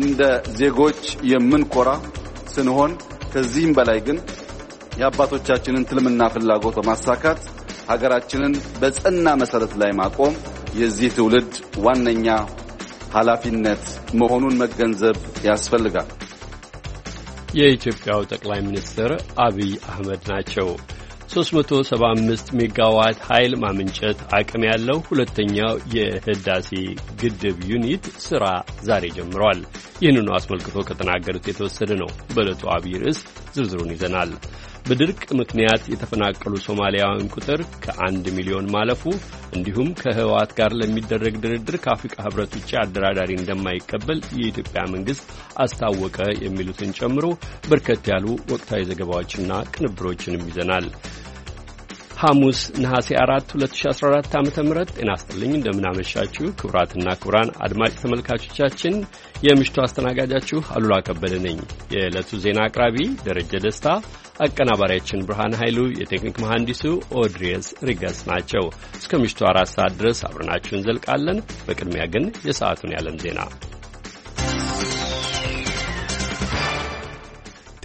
እንደ ዜጎች የምንኮራ ስንሆን ከዚህም በላይ ግን የአባቶቻችንን ትልምና ፍላጎት በማሳካት ሀገራችንን በጸና መሰረት ላይ ማቆም የዚህ ትውልድ ዋነኛ ኃላፊነት መሆኑን መገንዘብ ያስፈልጋል። የኢትዮጵያው ጠቅላይ ሚኒስትር አብይ አህመድ ናቸው። 375 ሜጋዋት ኃይል ማመንጨት አቅም ያለው ሁለተኛው የህዳሴ ግድብ ዩኒት ስራ ዛሬ ጀምሯል። ይህንኑ አስመልክቶ ከተናገሩት የተወሰደ ነው። በዕለቱ አብይ ርዕስ ዝርዝሩን ይዘናል። በድርቅ ምክንያት የተፈናቀሉ ሶማሊያውያን ቁጥር ከአንድ ሚሊዮን ማለፉ እንዲሁም ከህወሓት ጋር ለሚደረግ ድርድር ከአፍሪካ ህብረት ውጭ አደራዳሪ እንደማይቀበል የኢትዮጵያ መንግስት አስታወቀ የሚሉትን ጨምሮ በርከት ያሉ ወቅታዊ ዘገባዎችና ቅንብሮችንም ይዘናል። ሐሙስ ነሐሴ 4 2014 ዓ ም ጤና ይስጥልኝ። እንደምናመሻችሁ ክቡራትና ክቡራን አድማጭ ተመልካቾቻችን የምሽቱ አስተናጋጃችሁ አሉላ ከበደ ነኝ። የዕለቱ ዜና አቅራቢ ደረጀ ደስታ፣ አቀናባሪያችን ብርሃን ኃይሉ፣ የቴክኒክ መሐንዲሱ ኦድሪየስ ሪገስ ናቸው። እስከ ምሽቱ አራት ሰዓት ድረስ አብረናችሁ እንዘልቃለን። በቅድሚያ ግን የሰዓቱን ያለም ዜና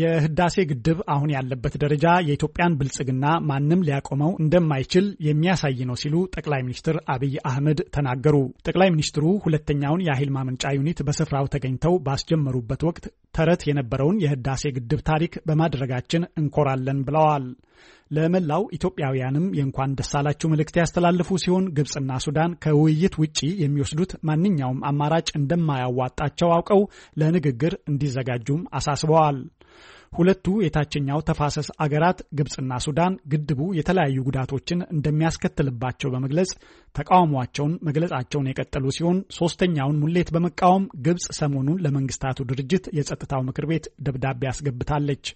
የህዳሴ ግድብ አሁን ያለበት ደረጃ የኢትዮጵያን ብልጽግና ማንም ሊያቆመው እንደማይችል የሚያሳይ ነው ሲሉ ጠቅላይ ሚኒስትር አብይ አህመድ ተናገሩ። ጠቅላይ ሚኒስትሩ ሁለተኛውን የኃይል ማመንጫ ዩኒት በስፍራው ተገኝተው ባስጀመሩበት ወቅት ተረት የነበረውን የህዳሴ ግድብ ታሪክ በማድረጋችን እንኮራለን ብለዋል። ለመላው ኢትዮጵያውያንም የእንኳን ደስ አላችሁ መልእክት ሲሆን ግብፅና ሱዳን ከውይይት ውጪ የሚወስዱት ማንኛውም አማራጭ እንደማያዋጣቸው አውቀው ለንግግር እንዲዘጋጁም አሳስበዋል። ሁለቱ የታችኛው ተፋሰስ አገራት ግብፅና ሱዳን ግድቡ የተለያዩ ጉዳቶችን እንደሚያስከትልባቸው በመግለጽ ተቃውሟቸውን መግለጻቸውን የቀጠሉ ሲሆን ሶስተኛውን ሙሌት በመቃወም ግብፅ ሰሞኑን ለመንግስታቱ ድርጅት የጸጥታው ምክር ቤት ደብዳቤ አስገብታለች።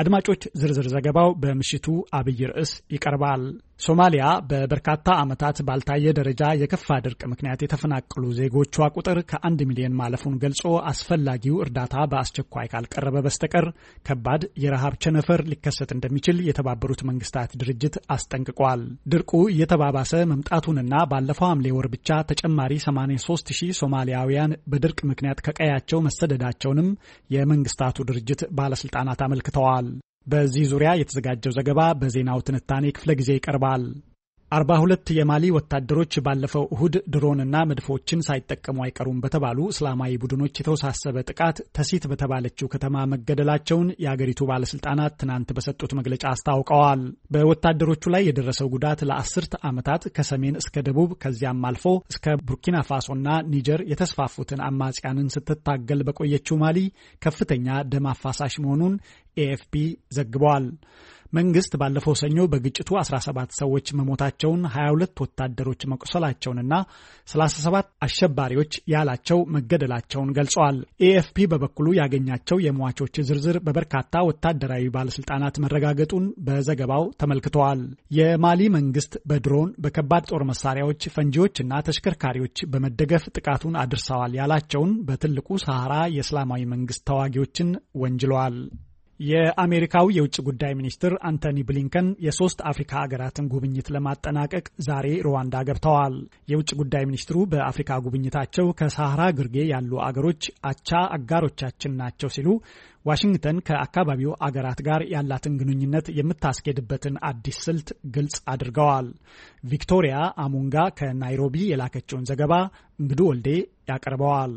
አድማጮች፣ ዝርዝር ዘገባው በምሽቱ አብይ ርዕስ ይቀርባል። ሶማሊያ በበርካታ ዓመታት ባልታየ ደረጃ የከፋ ድርቅ ምክንያት የተፈናቀሉ ዜጎቿ ቁጥር ከአንድ ሚሊዮን ማለፉን ገልጾ አስፈላጊው እርዳታ በአስቸኳይ ካልቀረበ በስተቀር ከባድ የረሃብ ቸነፈር ሊከሰት እንደሚችል የተባበሩት መንግስታት ድርጅት አስጠንቅቋል። ድርቁ እየተባባሰ መምጣቱንና ባለፈው ሐምሌ ወር ብቻ ተጨማሪ 83 ሺህ ሶማሊያውያን በድርቅ ምክንያት ከቀያቸው መሰደዳቸውንም የመንግስታቱ ድርጅት ባለስልጣናት አመልክተዋል። በዚህ ዙሪያ የተዘጋጀው ዘገባ በዜናው ትንታኔ ክፍለ ጊዜ ይቀርባል። አርባ ሁለት የማሊ ወታደሮች ባለፈው እሁድ ድሮንና መድፎችን ሳይጠቀሙ አይቀሩም በተባሉ እስላማዊ ቡድኖች የተወሳሰበ ጥቃት ተሲት በተባለችው ከተማ መገደላቸውን የአገሪቱ ባለስልጣናት ትናንት በሰጡት መግለጫ አስታውቀዋል። በወታደሮቹ ላይ የደረሰው ጉዳት ለአስርት ዓመታት ከሰሜን እስከ ደቡብ ከዚያም አልፎ እስከ ቡርኪና ፋሶና ኒጀር የተስፋፉትን አማጽያንን ስትታገል በቆየችው ማሊ ከፍተኛ ደም አፋሳሽ መሆኑን ኤኤፍፒ ዘግቧል። መንግስት ባለፈው ሰኞ በግጭቱ 17 ሰዎች መሞታቸውን፣ 22 ወታደሮች መቁሰላቸውንና 37 አሸባሪዎች ያላቸው መገደላቸውን ገልጸዋል። ኤኤፍፒ በበኩሉ ያገኛቸው የሟቾች ዝርዝር በበርካታ ወታደራዊ ባለስልጣናት መረጋገጡን በዘገባው ተመልክተዋል። የማሊ መንግስት በድሮን በከባድ ጦር መሳሪያዎች፣ ፈንጂዎችና ተሽከርካሪዎች በመደገፍ ጥቃቱን አድርሰዋል ያላቸውን በትልቁ ሰሐራ የእስላማዊ መንግስት ተዋጊዎችን ወንጅለዋል። የአሜሪካው የውጭ ጉዳይ ሚኒስትር አንቶኒ ብሊንከን የሶስት አፍሪካ ሀገራትን ጉብኝት ለማጠናቀቅ ዛሬ ሩዋንዳ ገብተዋል። የውጭ ጉዳይ ሚኒስትሩ በአፍሪካ ጉብኝታቸው ከሳህራ ግርጌ ያሉ አገሮች አቻ አጋሮቻችን ናቸው ሲሉ ዋሽንግተን ከአካባቢው አገራት ጋር ያላትን ግንኙነት የምታስኬድበትን አዲስ ስልት ግልጽ አድርገዋል። ቪክቶሪያ አሙንጋ ከናይሮቢ የላከችውን ዘገባ እንግዱ ወልዴ ያቀርበዋል።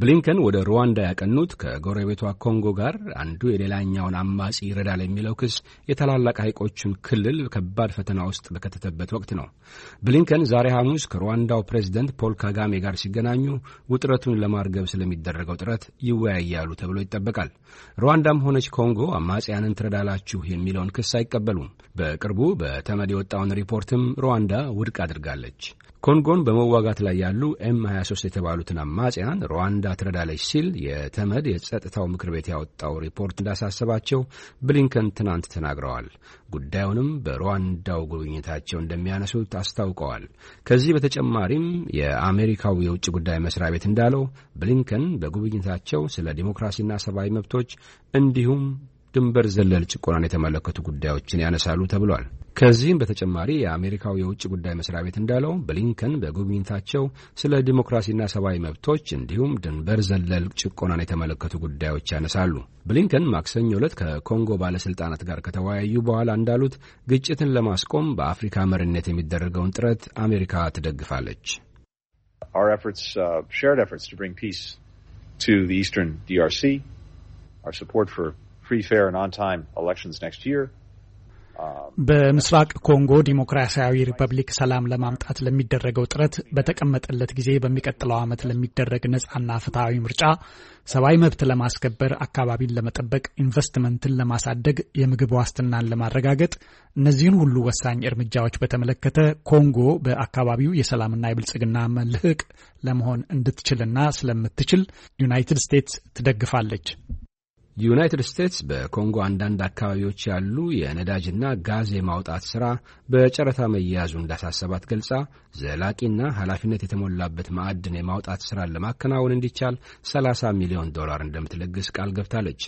ብሊንከን ወደ ሩዋንዳ ያቀኑት ከጎረቤቷ ኮንጎ ጋር አንዱ የሌላኛውን አማጺ ይረዳል የሚለው ክስ የታላላቅ ሐይቆቹን ክልል ከባድ ፈተና ውስጥ በከተተበት ወቅት ነው። ብሊንከን ዛሬ ሐሙስ ከሩዋንዳው ፕሬዝደንት ፖል ካጋሜ ጋር ሲገናኙ ውጥረቱን ለማርገብ ስለሚደረገው ጥረት ይወያያሉ ተብሎ ይጠበቃል። ሩዋንዳም ሆነች ኮንጎ አማጺያንን ትረዳላችሁ የሚለውን ክስ አይቀበሉም። በቅርቡ በተመድ የወጣውን ሪፖርትም ሩዋንዳ ውድቅ አድርጋለች። ኮንጎን በመዋጋት ላይ ያሉ ኤም 23 የተባሉትን አማጽያን ሩዋንዳ ትረዳለች ሲል የተመድ የጸጥታው ምክር ቤት ያወጣው ሪፖርት እንዳሳሰባቸው ብሊንከን ትናንት ተናግረዋል። ጉዳዩንም በሩዋንዳው ጉብኝታቸው እንደሚያነሱት አስታውቀዋል። ከዚህ በተጨማሪም የአሜሪካው የውጭ ጉዳይ መስሪያ ቤት እንዳለው ብሊንከን በጉብኝታቸው ስለ ዲሞክራሲና ሰብአዊ መብቶች እንዲሁም ድንበር ዘለል ጭቆናን የተመለከቱ ጉዳዮችን ያነሳሉ ተብሏል። ከዚህም በተጨማሪ የአሜሪካው የውጭ ጉዳይ መስሪያ ቤት እንዳለው ብሊንከን በጉብኝታቸው ስለ ዲሞክራሲና ሰብአዊ መብቶች እንዲሁም ድንበር ዘለል ጭቆናን የተመለከቱ ጉዳዮች ያነሳሉ። ብሊንከን ማክሰኞ ዕለት ከኮንጎ ባለስልጣናት ጋር ከተወያዩ በኋላ እንዳሉት ግጭትን ለማስቆም በአፍሪካ መሪነት የሚደረገውን ጥረት አሜሪካ ትደግፋለች። ዲአርሲ በምስራቅ ኮንጎ ዲሞክራሲያዊ ሪፐብሊክ ሰላም ለማምጣት ለሚደረገው ጥረት በተቀመጠለት ጊዜ በሚቀጥለው ዓመት ለሚደረግ ነጻና ፍትሐዊ ምርጫ ሰብአዊ መብት ለማስከበር፣ አካባቢን ለመጠበቅ፣ ኢንቨስትመንትን ለማሳደግ፣ የምግብ ዋስትናን ለማረጋገጥ እነዚህን ሁሉ ወሳኝ እርምጃዎች በተመለከተ ኮንጎ በአካባቢው የሰላምና የብልጽግና መልህቅ ለመሆን እንድትችልና ስለምትችል ዩናይትድ ስቴትስ ትደግፋለች። ዩናይትድ ስቴትስ በኮንጎ አንዳንድ አካባቢዎች ያሉ የነዳጅና ጋዝ የማውጣት ሥራ በጨረታ መያያዙ እንዳሳሰባት ገልጻ ዘላቂና ኃላፊነት የተሞላበት ማዕድን የማውጣት ሥራን ለማከናወን እንዲቻል 30 ሚሊዮን ዶላር እንደምትለግስ ቃል ገብታለች።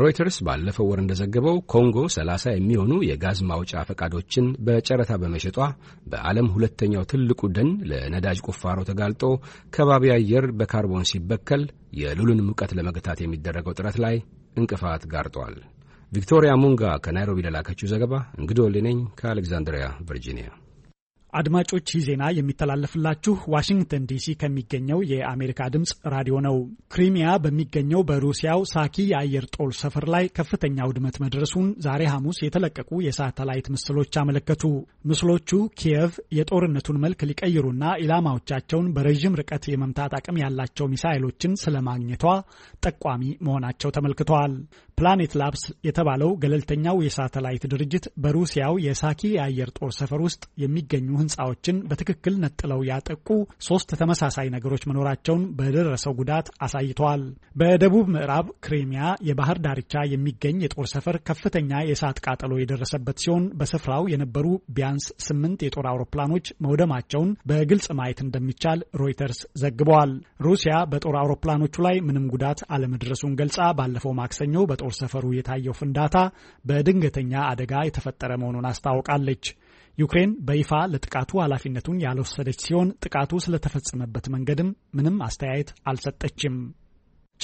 ሮይተርስ ባለፈው ወር እንደዘገበው ኮንጎ 30 የሚሆኑ የጋዝ ማውጫ ፈቃዶችን በጨረታ በመሸጧ በዓለም ሁለተኛው ትልቁ ደን ለነዳጅ ቁፋሮ ተጋልጦ ከባቢ አየር በካርቦን ሲበከል የሉልን ሙቀት ለመግታት የሚደረገው ጥረት ላይ እንቅፋት ጋርጧል። ቪክቶሪያ ሙንጋ ከናይሮቢ ለላከችው ዘገባ እንግዶ ሌነኝ ከአሌክዛንድሪያ ቨርጂኒያ አድማጮች ይህ ዜና የሚተላለፍላችሁ ዋሽንግተን ዲሲ ከሚገኘው የአሜሪካ ድምፅ ራዲዮ ነው። ክሪሚያ በሚገኘው በሩሲያው ሳኪ የአየር ጦር ሰፈር ላይ ከፍተኛ ውድመት መድረሱን ዛሬ ሐሙስ የተለቀቁ የሳተላይት ምስሎች አመለከቱ። ምስሎቹ ኪየቭ የጦርነቱን መልክ ሊቀይሩና ኢላማዎቻቸውን በረዥም ርቀት የመምታት አቅም ያላቸው ሚሳይሎችን ስለማግኘቷ ጠቋሚ መሆናቸው ተመልክተዋል። ፕላኔት ላብስ የተባለው ገለልተኛው የሳተላይት ድርጅት በሩሲያው የሳኪ የአየር ጦር ሰፈር ውስጥ የሚገኙ ህንፃዎችን በትክክል ነጥለው ያጠቁ ሶስት ተመሳሳይ ነገሮች መኖራቸውን በደረሰው ጉዳት አሳይተዋል። በደቡብ ምዕራብ ክሪሚያ የባህር ዳርቻ የሚገኝ የጦር ሰፈር ከፍተኛ የእሳት ቃጠሎ የደረሰበት ሲሆን በስፍራው የነበሩ ቢያንስ ስምንት የጦር አውሮፕላኖች መውደማቸውን በግልጽ ማየት እንደሚቻል ሮይተርስ ዘግበዋል። ሩሲያ በጦር አውሮፕላኖቹ ላይ ምንም ጉዳት አለመድረሱን ገልጻ ባለፈው ማክሰኞ በጦር ሰፈሩ የታየው ፍንዳታ በድንገተኛ አደጋ የተፈጠረ መሆኑን አስታውቃለች። ዩክሬን በይፋ ለጥቃቱ ኃላፊነቱን ያልወሰደች ሲሆን ጥቃቱ ስለተፈጸመበት መንገድም ምንም አስተያየት አልሰጠችም።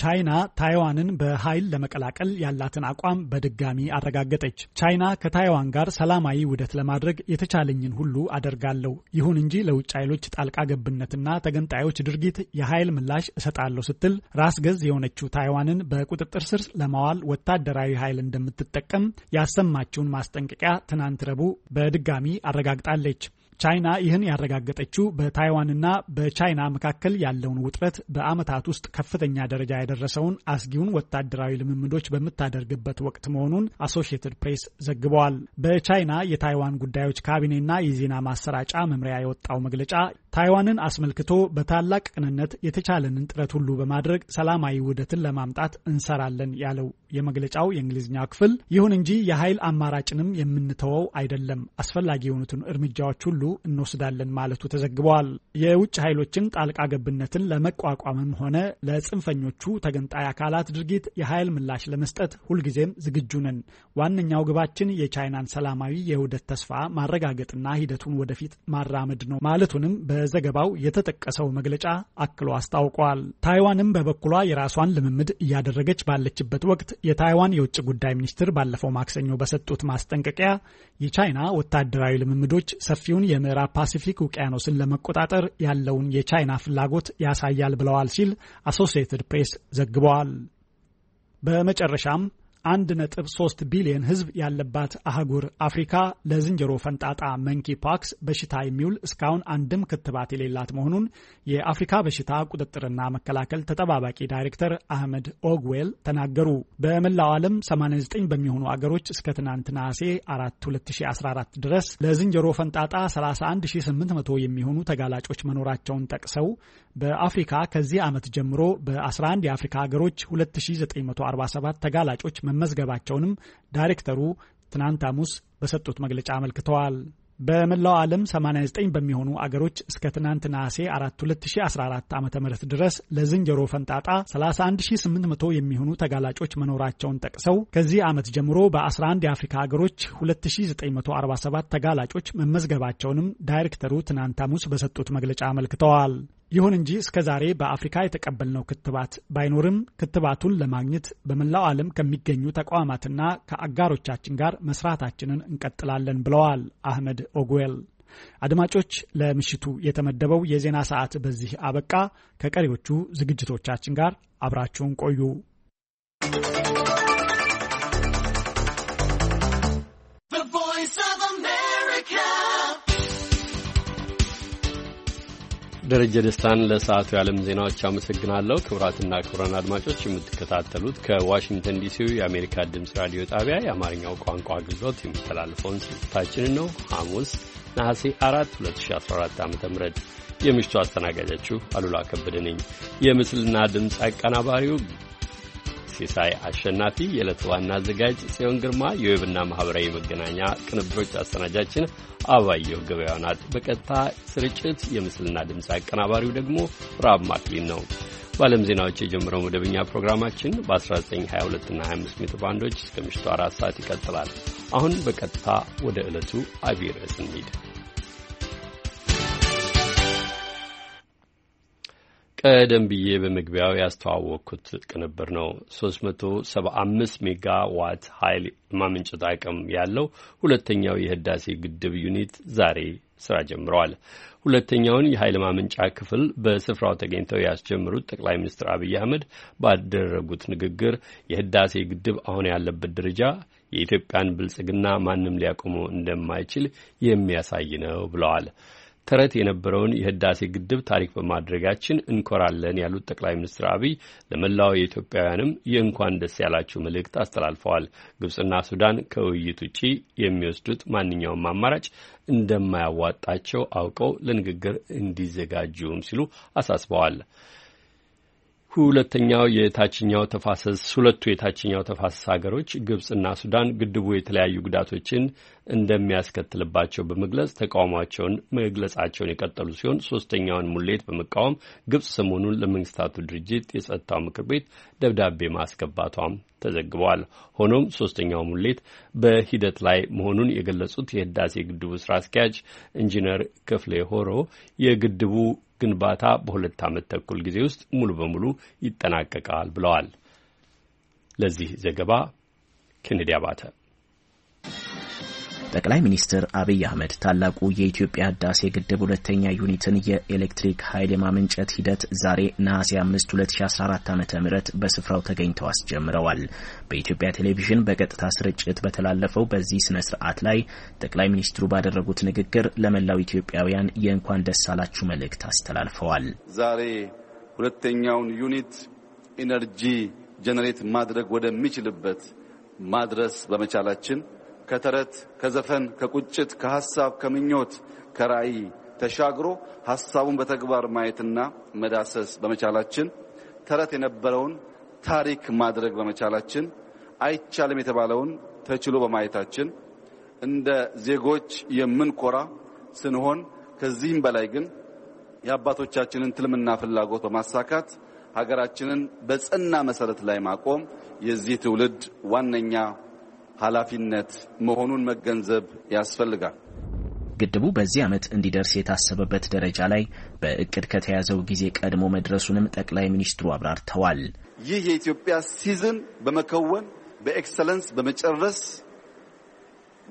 ቻይና ታይዋንን በኃይል ለመቀላቀል ያላትን አቋም በድጋሚ አረጋገጠች። ቻይና ከታይዋን ጋር ሰላማዊ ውህደት ለማድረግ የተቻለኝን ሁሉ አደርጋለሁ፣ ይሁን እንጂ ለውጭ ኃይሎች ጣልቃ ገብነትና ተገንጣዮች ድርጊት የኃይል ምላሽ እሰጣለሁ ስትል ራስ ገዝ የሆነችው ታይዋንን በቁጥጥር ስር ለማዋል ወታደራዊ ኃይል እንደምትጠቀም ያሰማችውን ማስጠንቀቂያ ትናንት ረቡዕ በድጋሚ አረጋግጣለች። ቻይና ይህን ያረጋገጠችው በታይዋንና በቻይና መካከል ያለውን ውጥረት በዓመታት ውስጥ ከፍተኛ ደረጃ ያደረሰውን አስጊውን ወታደራዊ ልምምዶች በምታደርግበት ወቅት መሆኑን አሶሺየትድ ፕሬስ ዘግበዋል። በቻይና የታይዋን ጉዳዮች ካቢኔና የዜና ማሰራጫ መምሪያ የወጣው መግለጫ ታይዋንን አስመልክቶ በታላቅ ቅንነት የተቻለንን ጥረት ሁሉ በማድረግ ሰላማዊ ውህደትን ለማምጣት እንሰራለን ያለው የመግለጫው የእንግሊዝኛ ክፍል፣ ይሁን እንጂ የኃይል አማራጭንም የምንተወው አይደለም፣ አስፈላጊ የሆኑትን እርምጃዎች ሁሉ እንወስዳለን ማለቱ ተዘግበዋል። የውጭ ኃይሎችን ጣልቃ ገብነትን ለመቋቋምም ሆነ ለጽንፈኞቹ ተገንጣይ አካላት ድርጊት የኃይል ምላሽ ለመስጠት ሁልጊዜም ዝግጁ ነን። ዋነኛው ግባችን የቻይናን ሰላማዊ የውህደት ተስፋ ማረጋገጥና ሂደቱን ወደፊት ማራመድ ነው ማለቱንም በ በዘገባው የተጠቀሰው መግለጫ አክሎ አስታውቋል። ታይዋንም በበኩሏ የራሷን ልምምድ እያደረገች ባለችበት ወቅት የታይዋን የውጭ ጉዳይ ሚኒስትር ባለፈው ማክሰኞ በሰጡት ማስጠንቀቂያ የቻይና ወታደራዊ ልምምዶች ሰፊውን የምዕራብ ፓሲፊክ ውቅያኖስን ለመቆጣጠር ያለውን የቻይና ፍላጎት ያሳያል ብለዋል ሲል አሶሲየትድ ፕሬስ ዘግበዋል። በመጨረሻም አንድ ሶስት ቢሊዮን ህዝብ ያለባት አህጉር አፍሪካ ለዝንጀሮ ፈንጣጣ መንኪ ፓክስ በሽታ የሚውል እስካሁን አንድም ክትባት የሌላት መሆኑን የአፍሪካ በሽታ ቁጥጥርና መከላከል ተጠባባቂ ዳይሬክተር አህመድ ኦግዌል ተናገሩ። በመላው ዓለም 89 በሚሆኑ አገሮች እስከ ትናንት ነሐሴ 4 2014 ድረስ ለዝንጀሮ ፈንጣጣ 31800 የሚሆኑ ተጋላጮች መኖራቸውን ጠቅሰው በአፍሪካ ከዚህ ዓመት ጀምሮ በ11 የአፍሪካ ሀገሮች 2947 ተጋላጮች መመዝገባቸውንም ዳይሬክተሩ ትናንት ሐሙስ በሰጡት መግለጫ አመልክተዋል። በመላው ዓለም 89 በሚሆኑ አገሮች እስከ ትናንት ነሐሴ 4 2014 ዓ ም ድረስ ለዝንጀሮ ፈንጣጣ 31800 የሚሆኑ ተጋላጮች መኖራቸውን ጠቅሰው ከዚህ ዓመት ጀምሮ በ11 የአፍሪካ አገሮች 2947 ተጋላጮች መመዝገባቸውንም ዳይሬክተሩ ትናንት ሐሙስ በሰጡት መግለጫ አመልክተዋል። ይሁን እንጂ እስከ ዛሬ በአፍሪካ የተቀበልነው ክትባት ባይኖርም ክትባቱን ለማግኘት በመላው ዓለም ከሚገኙ ተቋማትና ከአጋሮቻችን ጋር መስራታችንን እንቀጥላለን ብለዋል አህመድ ኦጉዌል። አድማጮች፣ ለምሽቱ የተመደበው የዜና ሰዓት በዚህ አበቃ። ከቀሪዎቹ ዝግጅቶቻችን ጋር አብራችሁን ቆዩ። ደረጀ ደስታን ለሰዓቱ የዓለም ዜናዎች አመሰግናለሁ። ክቡራትና ክቡራን አድማጮች የምትከታተሉት ከዋሽንግተን ዲሲው የአሜሪካ ድምፅ ራዲዮ ጣቢያ የአማርኛው ቋንቋ አገልግሎት የሚተላለፈውን ስርጭታችንን ነው። ሐሙስ ነሐሴ 4 2014 ዓ ም የምሽቱ አስተናጋጃችሁ አሉላ ከበደ ነኝ። የምስልና ድምፅ አቀናባሪው ሲሳይ አሸናፊ፣ የዕለቱ ዋና አዘጋጅ ጽዮን ግርማ፣ የዌብና ማኅበራዊ መገናኛ ቅንብሮች አሰናጃችን አባየሁ ገበያው ናት። በቀጥታ ስርጭት የምስልና ድምፅ አቀናባሪው ደግሞ ራብ ማክሊን ነው። በዓለም ዜናዎች የጀመረው መደበኛ ፕሮግራማችን በ1922 እና 25 ሜትር ባንዶች እስከ ምሽቱ አራት ሰዓት ይቀጥላል። አሁን በቀጥታ ወደ ዕለቱ አብይ ርዕስ እንሂድ። ቀደም ብዬ በመግቢያው ያስተዋወቅኩት ቅንብር ነው። 375 ሜጋ ዋት ኃይል ማመንጨት አቅም ያለው ሁለተኛው የህዳሴ ግድብ ዩኒት ዛሬ ስራ ጀምረዋል። ሁለተኛውን የኃይል ማመንጫ ክፍል በስፍራው ተገኝተው ያስጀምሩት ጠቅላይ ሚኒስትር አብይ አህመድ ባደረጉት ንግግር የህዳሴ ግድብ አሁን ያለበት ደረጃ የኢትዮጵያን ብልጽግና ማንም ሊያቆመው እንደማይችል የሚያሳይ ነው ብለዋል። ተረት የነበረውን የህዳሴ ግድብ ታሪክ በማድረጋችን እንኮራለን ያሉት ጠቅላይ ሚኒስትር አብይ ለመላው የኢትዮጵያውያንም የእንኳን ደስ ያላችሁ መልእክት አስተላልፈዋል። ግብጽና ሱዳን ከውይይት ውጪ የሚወስዱት ማንኛውም አማራጭ እንደማያዋጣቸው አውቀው ለንግግር እንዲዘጋጁም ሲሉ አሳስበዋል። ሁለተኛው የታችኛው ተፋሰስ ሁለቱ የታችኛው ተፋሰስ ሀገሮች ግብጽና ሱዳን ግድቡ የተለያዩ ጉዳቶችን እንደሚያስከትልባቸው በመግለጽ ተቃውሟቸውን መግለጻቸውን የቀጠሉ ሲሆን ሶስተኛውን ሙሌት በመቃወም ግብጽ ሰሞኑን ለመንግስታቱ ድርጅት የጸጥታው ምክር ቤት ደብዳቤ ማስገባቷም ተዘግቧል። ሆኖም ሶስተኛው ሙሌት በሂደት ላይ መሆኑን የገለጹት የህዳሴ ግድቡ ስራ አስኪያጅ ኢንጂነር ክፍሌ ሆሮ የግድቡ ግንባታ በሁለት ዓመት ተኩል ጊዜ ውስጥ ሙሉ በሙሉ ይጠናቀቃል ብለዋል። ለዚህ ዘገባ ኬኔዲ አባተ ጠቅላይ ሚኒስትር አብይ አህመድ ታላቁ የኢትዮጵያ ህዳሴ ግድብ ሁለተኛ ዩኒትን የኤሌክትሪክ ኃይል የማመንጨት ሂደት ዛሬ ነሐሴ 5 2014 ዓ ም በስፍራው ተገኝተው አስጀምረዋል። በኢትዮጵያ ቴሌቪዥን በቀጥታ ስርጭት በተላለፈው በዚህ ስነ ስርዓት ላይ ጠቅላይ ሚኒስትሩ ባደረጉት ንግግር ለመላው ኢትዮጵያውያን የእንኳን ደስ አላችሁ መልእክት አስተላልፈዋል። ዛሬ ሁለተኛውን ዩኒት ኢነርጂ ጀነሬት ማድረግ ወደሚችልበት ማድረስ በመቻላችን ከተረት፣ ከዘፈን፣ ከቁጭት፣ ከሐሳብ፣ ከምኞት፣ ከራዕይ ተሻግሮ ሐሳቡን በተግባር ማየትና መዳሰስ በመቻላችን ተረት የነበረውን ታሪክ ማድረግ በመቻላችን አይቻልም የተባለውን ተችሎ በማየታችን እንደ ዜጎች የምንኮራ ስንሆን ከዚህም በላይ ግን የአባቶቻችንን ትልምና ፍላጎት በማሳካት ሀገራችንን በጸና መሰረት ላይ ማቆም የዚህ ትውልድ ዋነኛ ኃላፊነት መሆኑን መገንዘብ ያስፈልጋል። ግድቡ በዚህ ዓመት እንዲደርስ የታሰበበት ደረጃ ላይ በእቅድ ከተያዘው ጊዜ ቀድሞ መድረሱንም ጠቅላይ ሚኒስትሩ አብራርተዋል። ይህ የኢትዮጵያ ሲዝን በመከወን በኤክሰለንስ በመጨረስ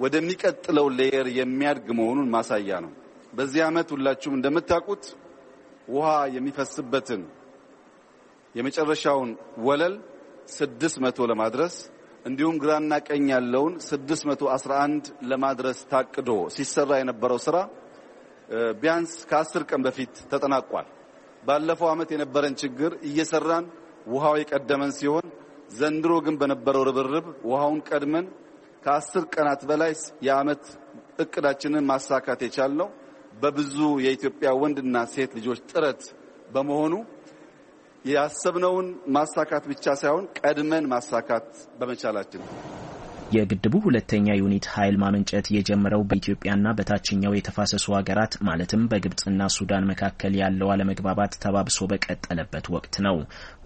ወደሚቀጥለው ሌየር የሚያድግ መሆኑን ማሳያ ነው። በዚህ ዓመት ሁላችሁም እንደምታውቁት ውሃ የሚፈስበትን የመጨረሻውን ወለል ስድስት መቶ ለማድረስ እንዲሁም ግራና ቀኝ ያለውን 611 ለማድረስ ታቅዶ ሲሰራ የነበረው ስራ ቢያንስ ከአስር ቀን በፊት ተጠናቋል። ባለፈው ዓመት የነበረን ችግር እየሰራን ውሃው የቀደመን ሲሆን ዘንድሮ ግን በነበረው ርብርብ ውሃውን ቀድመን ከአስር ቀናት በላይ የዓመት እቅዳችንን ማሳካት የቻልነው በብዙ የኢትዮጵያ ወንድና ሴት ልጆች ጥረት በመሆኑ ያሰብነውን ማሳካት ብቻ ሳይሆን ቀድመን ማሳካት በመቻላችን የግድቡ ሁለተኛ ዩኒት ኃይል ማመንጨት የጀመረው በኢትዮጵያና በታችኛው የተፋሰሱ ሀገራት ማለትም በግብፅና ሱዳን መካከል ያለው አለመግባባት ተባብሶ በቀጠለበት ወቅት ነው።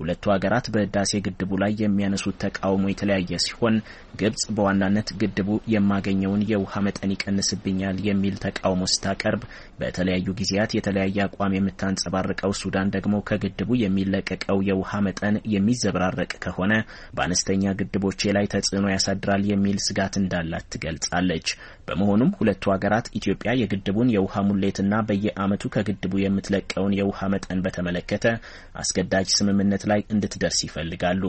ሁለቱ ሀገራት በህዳሴ ግድቡ ላይ የሚያነሱት ተቃውሞ የተለያየ ሲሆን፣ ግብጽ በዋናነት ግድቡ የማገኘውን የውሃ መጠን ይቀንስብኛል የሚል ተቃውሞ ስታቀርብ፣ በተለያዩ ጊዜያት የተለያየ አቋም የምታንጸባርቀው ሱዳን ደግሞ ከግድቡ የሚለቀቀው የውሃ መጠን የሚዘበራረቅ ከሆነ በአነስተኛ ግድቦቼ ላይ ተጽዕኖ ያሳድራል የሚል ስጋት እንዳላት ትገልጻለች። በመሆኑም ሁለቱ ሀገራት ኢትዮጵያ የግድቡን የውሃ ሙሌትና በየዓመቱ ከግድቡ የምትለቀውን የውሃ መጠን በተመለከተ አስገዳጅ ስምምነት ላይ እንድትደርስ ይፈልጋሉ።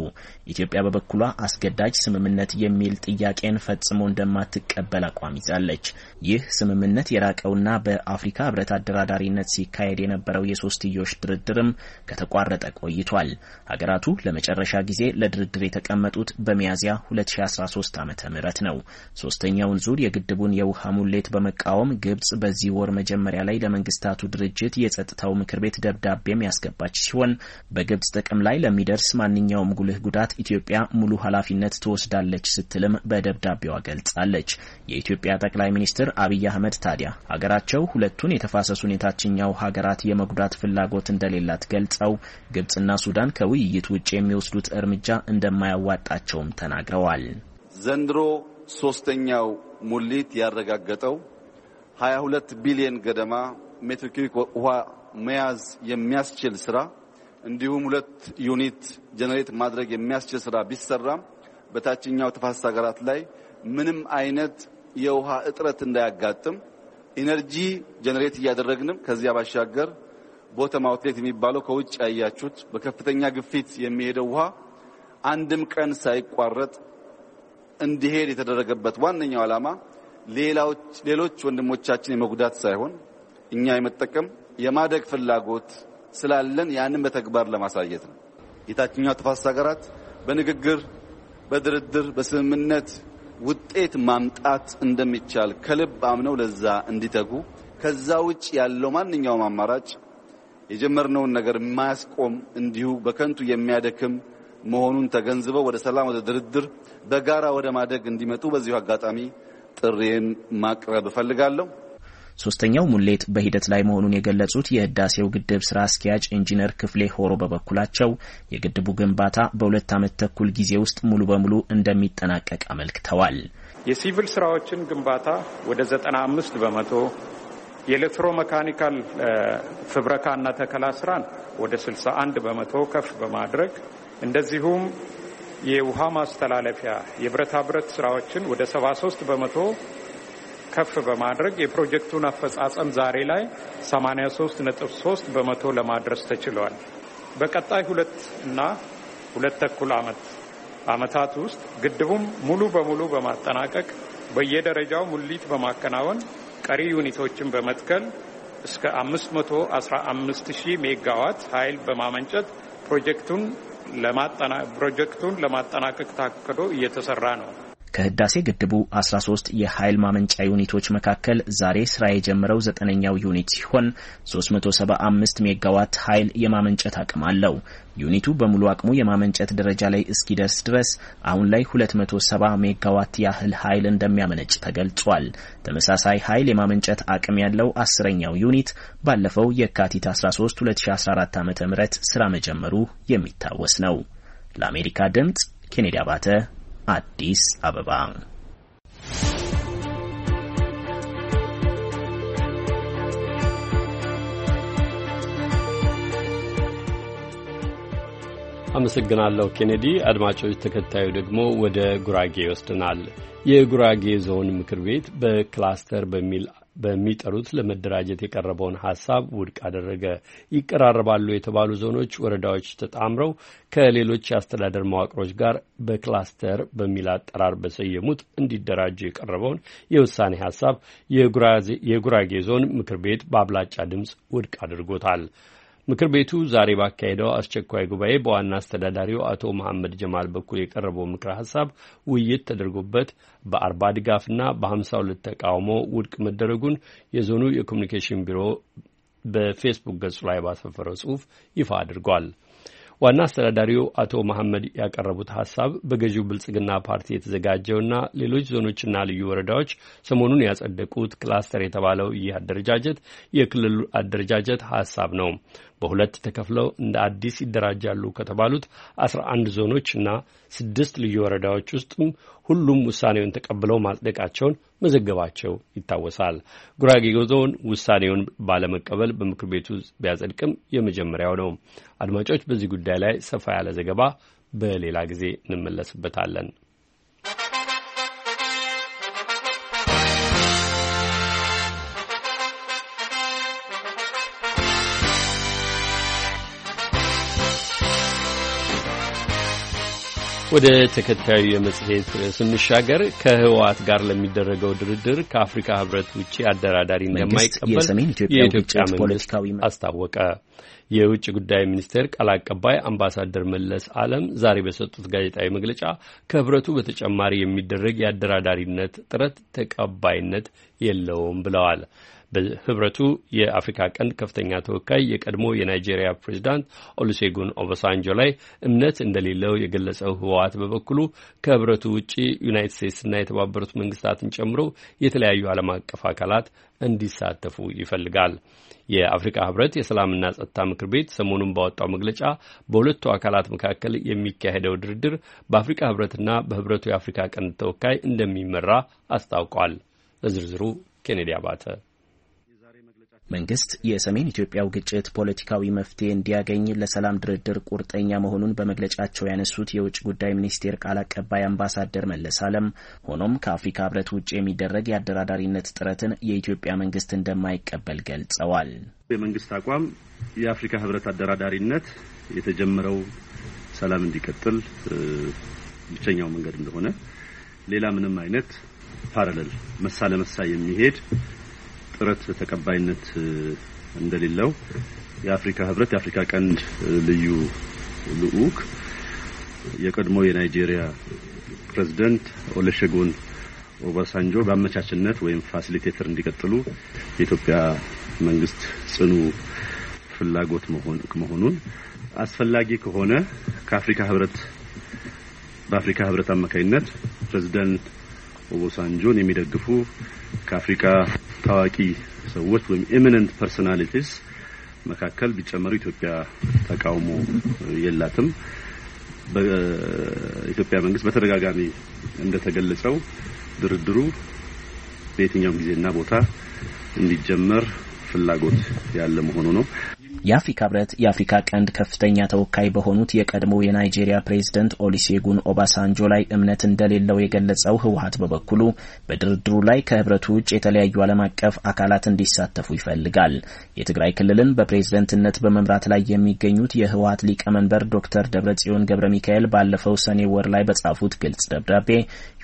ኢትዮጵያ በበኩሏ አስገዳጅ ስምምነት የሚል ጥያቄን ፈጽሞ እንደማትቀበል አቋም ይዛለች። ይህ ስምምነት የራቀውና በአፍሪካ ሕብረት አደራዳሪነት ሲካሄድ የነበረው የሶስትዮሽ ድርድርም ከተቋረጠ ቆይቷል። ሀገራቱ ለመጨረሻ ጊዜ ለድርድር የተቀመጡት በሚያዝያ 2013 ዓ ም ነው ሶስተኛውን ዙር የግድቡ የመጣውን የውሃ ሙሌት በመቃወም ግብጽ በዚህ ወር መጀመሪያ ላይ ለመንግስታቱ ድርጅት የጸጥታው ምክር ቤት ደብዳቤም ያስገባች ሲሆን በግብጽ ጥቅም ላይ ለሚደርስ ማንኛውም ጉልህ ጉዳት ኢትዮጵያ ሙሉ ኃላፊነት ትወስዳለች ስትልም በደብዳቤዋ ገልጻለች። የኢትዮጵያ ጠቅላይ ሚኒስትር አብይ አህመድ ታዲያ ሀገራቸው ሁለቱን የተፋሰሱን የታችኛው ሀገራት የመጉዳት ፍላጎት እንደሌላት ገልጸው ግብጽና ሱዳን ከውይይት ውጭ የሚወስዱት እርምጃ እንደማያዋጣቸውም ተናግረዋል። ዘንድሮ ሶስተኛው ሙሊት ያረጋገጠው 22 ቢሊዮን ገደማ ሜትር ውሃ መያዝ የሚያስችል ስራ እንዲሁም ሁለት ዩኒት ጀነሬት ማድረግ የሚያስችል ስራ ቢሰራ በታችኛው ተፋሰስ ሀገራት ላይ ምንም አይነት የውሃ እጥረት እንዳያጋጥም ኢነርጂ ጀነሬት እያደረግንም ከዚያ ባሻገር ቦተም አውትሌት የሚባለው ከውጭ ያያችሁት በከፍተኛ ግፊት የሚሄደው ውሃ አንድም ቀን ሳይቋረጥ እንዲሄድ የተደረገበት ዋነኛው ዓላማ ሌሎች ወንድሞቻችን የመጉዳት ሳይሆን እኛ የመጠቀም የማደግ ፍላጎት ስላለን ያንን በተግባር ለማሳየት ነው። የታችኛው ተፋሰስ ሀገራት በንግግር፣ በድርድር፣ በስምምነት ውጤት ማምጣት እንደሚቻል ከልብ አምነው ለዛ እንዲተጉ ከዛ ውጭ ያለው ማንኛውም አማራጭ የጀመርነውን ነገር የማያስቆም እንዲሁ በከንቱ የሚያደክም መሆኑን ተገንዝበው ወደ ሰላም፣ ወደ ድርድር በጋራ ወደ ማደግ እንዲመጡ በዚሁ አጋጣሚ ጥሬን ማቅረብ እፈልጋለሁ። ሶስተኛው ሙሌት በሂደት ላይ መሆኑን የገለጹት የህዳሴው ግድብ ስራ አስኪያጅ ኢንጂነር ክፍሌ ሆሮ በበኩላቸው የግድቡ ግንባታ በሁለት ዓመት ተኩል ጊዜ ውስጥ ሙሉ በሙሉ እንደሚጠናቀቅ አመልክተዋል። የሲቪል ስራዎችን ግንባታ ወደ 95 በመቶ የኤሌክትሮ መካኒካል ፍብረካና ተከላ ስራን ወደ 61 በመቶ ከፍ በማድረግ እንደዚሁም የውሃ ማስተላለፊያ የብረታ ብረት ስራዎችን ወደ 73 በመቶ ከፍ በማድረግ የፕሮጀክቱን አፈጻጸም ዛሬ ላይ 83.3 በመቶ ለማድረስ ተችሏል። በቀጣይ ሁለት እና ሁለት ተኩል ዓመት ዓመታት ውስጥ ግድቡም ሙሉ በሙሉ በማጠናቀቅ በየደረጃው ሙሊት በማከናወን ቀሪ ዩኒቶችን በመትከል እስከ 515 ሺህ ሜጋዋት ኃይል በማመንጨት ፕሮጀክቱን ፕሮጀክቱን ለማጠናቀቅ ታቅዶ እየተሰራ ነው። ከህዳሴ ግድቡ 13 የኃይል ማመንጫ ዩኒቶች መካከል ዛሬ ስራ የጀመረው ዘጠነኛው ዩኒት ሲሆን 375 ሜጋዋት ኃይል የማመንጨት አቅም አለው። ዩኒቱ በሙሉ አቅሙ የማመንጨት ደረጃ ላይ እስኪደርስ ድረስ አሁን ላይ 270 ሜጋዋት ያህል ኃይል እንደሚያመነጭ ተገልጿል። ተመሳሳይ ኃይል የማመንጨት አቅም ያለው አስረኛው ዩኒት ባለፈው የካቲት 13 2014 ዓ ም ስራ መጀመሩ የሚታወስ ነው። ለአሜሪካ ድምፅ ኬኔዲ አባተ አዲስ አበባ አመሰግናለሁ ኬኔዲ። አድማጮች ተከታዩ ደግሞ ወደ ጉራጌ ይወስድናል። የጉራጌ ዞን ምክር ቤት በክላስተር በሚል በሚጠሩት ለመደራጀት የቀረበውን ሀሳብ ውድቅ አደረገ። ይቀራረባሉ የተባሉ ዞኖች፣ ወረዳዎች ተጣምረው ከሌሎች የአስተዳደር መዋቅሮች ጋር በክላስተር በሚል አጠራር በሰየሙት እንዲደራጁ የቀረበውን የውሳኔ ሀሳብ የጉራጌ ዞን ምክር ቤት በአብላጫ ድምፅ ውድቅ አድርጎታል። ምክር ቤቱ ዛሬ ባካሄደው አስቸኳይ ጉባኤ በዋና አስተዳዳሪው አቶ መሐመድ ጀማል በኩል የቀረበው ምክረ ሀሳብ ውይይት ተደርጎበት በአርባ ድጋፍና በሀምሳ ሁለት ተቃውሞ ውድቅ መደረጉን የዞኑ የኮሚኒኬሽን ቢሮ በፌስቡክ ገጹ ላይ ባሰፈረው ጽሁፍ ይፋ አድርጓል። ዋና አስተዳዳሪው አቶ መሐመድ ያቀረቡት ሀሳብ በገዢው ብልጽግና ፓርቲ የተዘጋጀውና ሌሎች ዞኖችና ልዩ ወረዳዎች ሰሞኑን ያጸደቁት ክላስተር የተባለው ይህ አደረጃጀት የክልሉ አደረጃጀት ሀሳብ ነው። በሁለት ተከፍለው እንደ አዲስ ይደራጃሉ ከተባሉት አስራ አንድ ዞኖች እና ስድስት ልዩ ወረዳዎች ውስጥም ሁሉም ውሳኔውን ተቀብለው ማጽደቃቸውን መዘገባቸው ይታወሳል። ጉራጌ ዞን ውሳኔውን ባለመቀበል በምክር ቤቱ ቢያጸድቅም የመጀመሪያው ነው። አድማጮች፣ በዚህ ጉዳይ ላይ ሰፋ ያለ ዘገባ በሌላ ጊዜ እንመለስበታለን። ወደ ተከታዩ የመጽሔት ስንሻገር ከህወሓት ጋር ለሚደረገው ድርድር ከአፍሪካ ህብረት ውጭ አደራዳሪ እንደማይቀበል የኢትዮጵያ መንግስት አስታወቀ። የውጭ ጉዳይ ሚኒስቴር ቃል አቀባይ አምባሳደር መለስ አለም ዛሬ በሰጡት ጋዜጣዊ መግለጫ ከህብረቱ በተጨማሪ የሚደረግ የአደራዳሪነት ጥረት ተቀባይነት የለውም ብለዋል። በህብረቱ የአፍሪካ ቀንድ ከፍተኛ ተወካይ የቀድሞ የናይጄሪያ ፕሬዚዳንት ኦሉሴጉን ኦበሳንጆ ላይ እምነት እንደሌለው የገለጸው ህወሓት በበኩሉ ከህብረቱ ውጭ ዩናይትድ ስቴትስና የተባበሩት መንግስታትን ጨምሮ የተለያዩ ዓለም አቀፍ አካላት እንዲሳተፉ ይፈልጋል። የአፍሪካ ህብረት የሰላምና ጸጥታ ምክር ቤት ሰሞኑን ባወጣው መግለጫ በሁለቱ አካላት መካከል የሚካሄደው ድርድር በአፍሪካ ህብረትና በህብረቱ የአፍሪካ ቀንድ ተወካይ እንደሚመራ አስታውቋል። ለዝርዝሩ ኬኔዲ አባተ መንግስት የሰሜን ኢትዮጵያው ግጭት ፖለቲካዊ መፍትሄ እንዲያገኝ ለሰላም ድርድር ቁርጠኛ መሆኑን በመግለጫቸው ያነሱት የውጭ ጉዳይ ሚኒስቴር ቃል አቀባይ አምባሳደር መለስ አለም፣ ሆኖም ከአፍሪካ ህብረት ውጭ የሚደረግ የአደራዳሪነት ጥረትን የኢትዮጵያ መንግስት እንደማይቀበል ገልጸዋል። የመንግስት አቋም የአፍሪካ ህብረት አደራዳሪነት የተጀመረው ሰላም እንዲቀጥል ብቸኛው መንገድ እንደሆነ ሌላ ምንም አይነት ፓራሌል መሳ ለመሳ የሚሄድ ጥረት ተቀባይነት እንደሌለው የአፍሪካ ህብረት የአፍሪካ ቀንድ ልዩ ልዑክ የቀድሞ የናይጄሪያ ፕሬዝደንት ኦለሸጎን ኦባሳንጆ በአመቻችነት ወይም ፋሲሊቴተር እንዲቀጥሉ የኢትዮጵያ መንግስት ጽኑ ፍላጎት መሆኑን አስፈላጊ ከሆነ ከአፍሪካ ህብረት በአፍሪካ ህብረት አማካኝነት ፕሬዝዳንት ኦቦሳንጆን የሚደግፉ ከአፍሪካ ታዋቂ ሰዎች ወይም ኤሚነንት ፐርሶናሊቲስ መካከል ቢጨመሩ ኢትዮጵያ ተቃውሞ የላትም። በኢትዮጵያ መንግስት በተደጋጋሚ እንደተገለጸው ድርድሩ በየትኛውም ጊዜና ቦታ እንዲጀመር ፍላጎት ያለ መሆኑ ነው። የአፍሪካ ህብረት የአፍሪካ ቀንድ ከፍተኛ ተወካይ በሆኑት የቀድሞ የናይጄሪያ ፕሬዝደንት ኦሊሴጉን ኦባሳንጆ ላይ እምነት እንደሌለው የገለጸው ህወሀት በበኩሉ በድርድሩ ላይ ከህብረቱ ውጭ የተለያዩ ዓለም አቀፍ አካላት እንዲሳተፉ ይፈልጋል። የትግራይ ክልልን በፕሬዝደንትነት በመምራት ላይ የሚገኙት የህወሀት ሊቀመንበር ዶክተር ደብረጽዮን ገብረ ሚካኤል ባለፈው ሰኔ ወር ላይ በጻፉት ግልጽ ደብዳቤ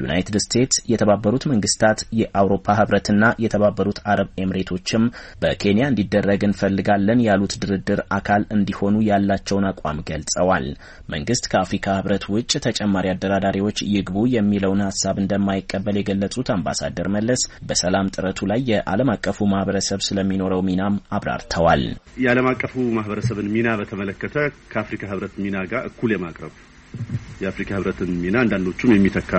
ዩናይትድ ስቴትስ፣ የተባበሩት መንግስታት፣ የአውሮፓ ህብረትና የተባበሩት አረብ ኤምሬቶችም በኬንያ እንዲደረግ እንፈልጋለን ያሉት ድርድር አካል እንዲሆኑ ያላቸውን አቋም ገልጸዋል። መንግስት ከአፍሪካ ህብረት ውጭ ተጨማሪ አደራዳሪዎች ይግቡ የሚለውን ሀሳብ እንደማይቀበል የገለጹት አምባሳደር መለስ በሰላም ጥረቱ ላይ የዓለም አቀፉ ማህበረሰብ ስለሚኖረው ሚናም አብራርተዋል። የዓለም አቀፉ ማህበረሰብን ሚና በተመለከተ ከአፍሪካ ህብረት ሚና ጋር እኩል የማቅረብ የአፍሪካ ህብረትን ሚና አንዳንዶቹም የሚተካ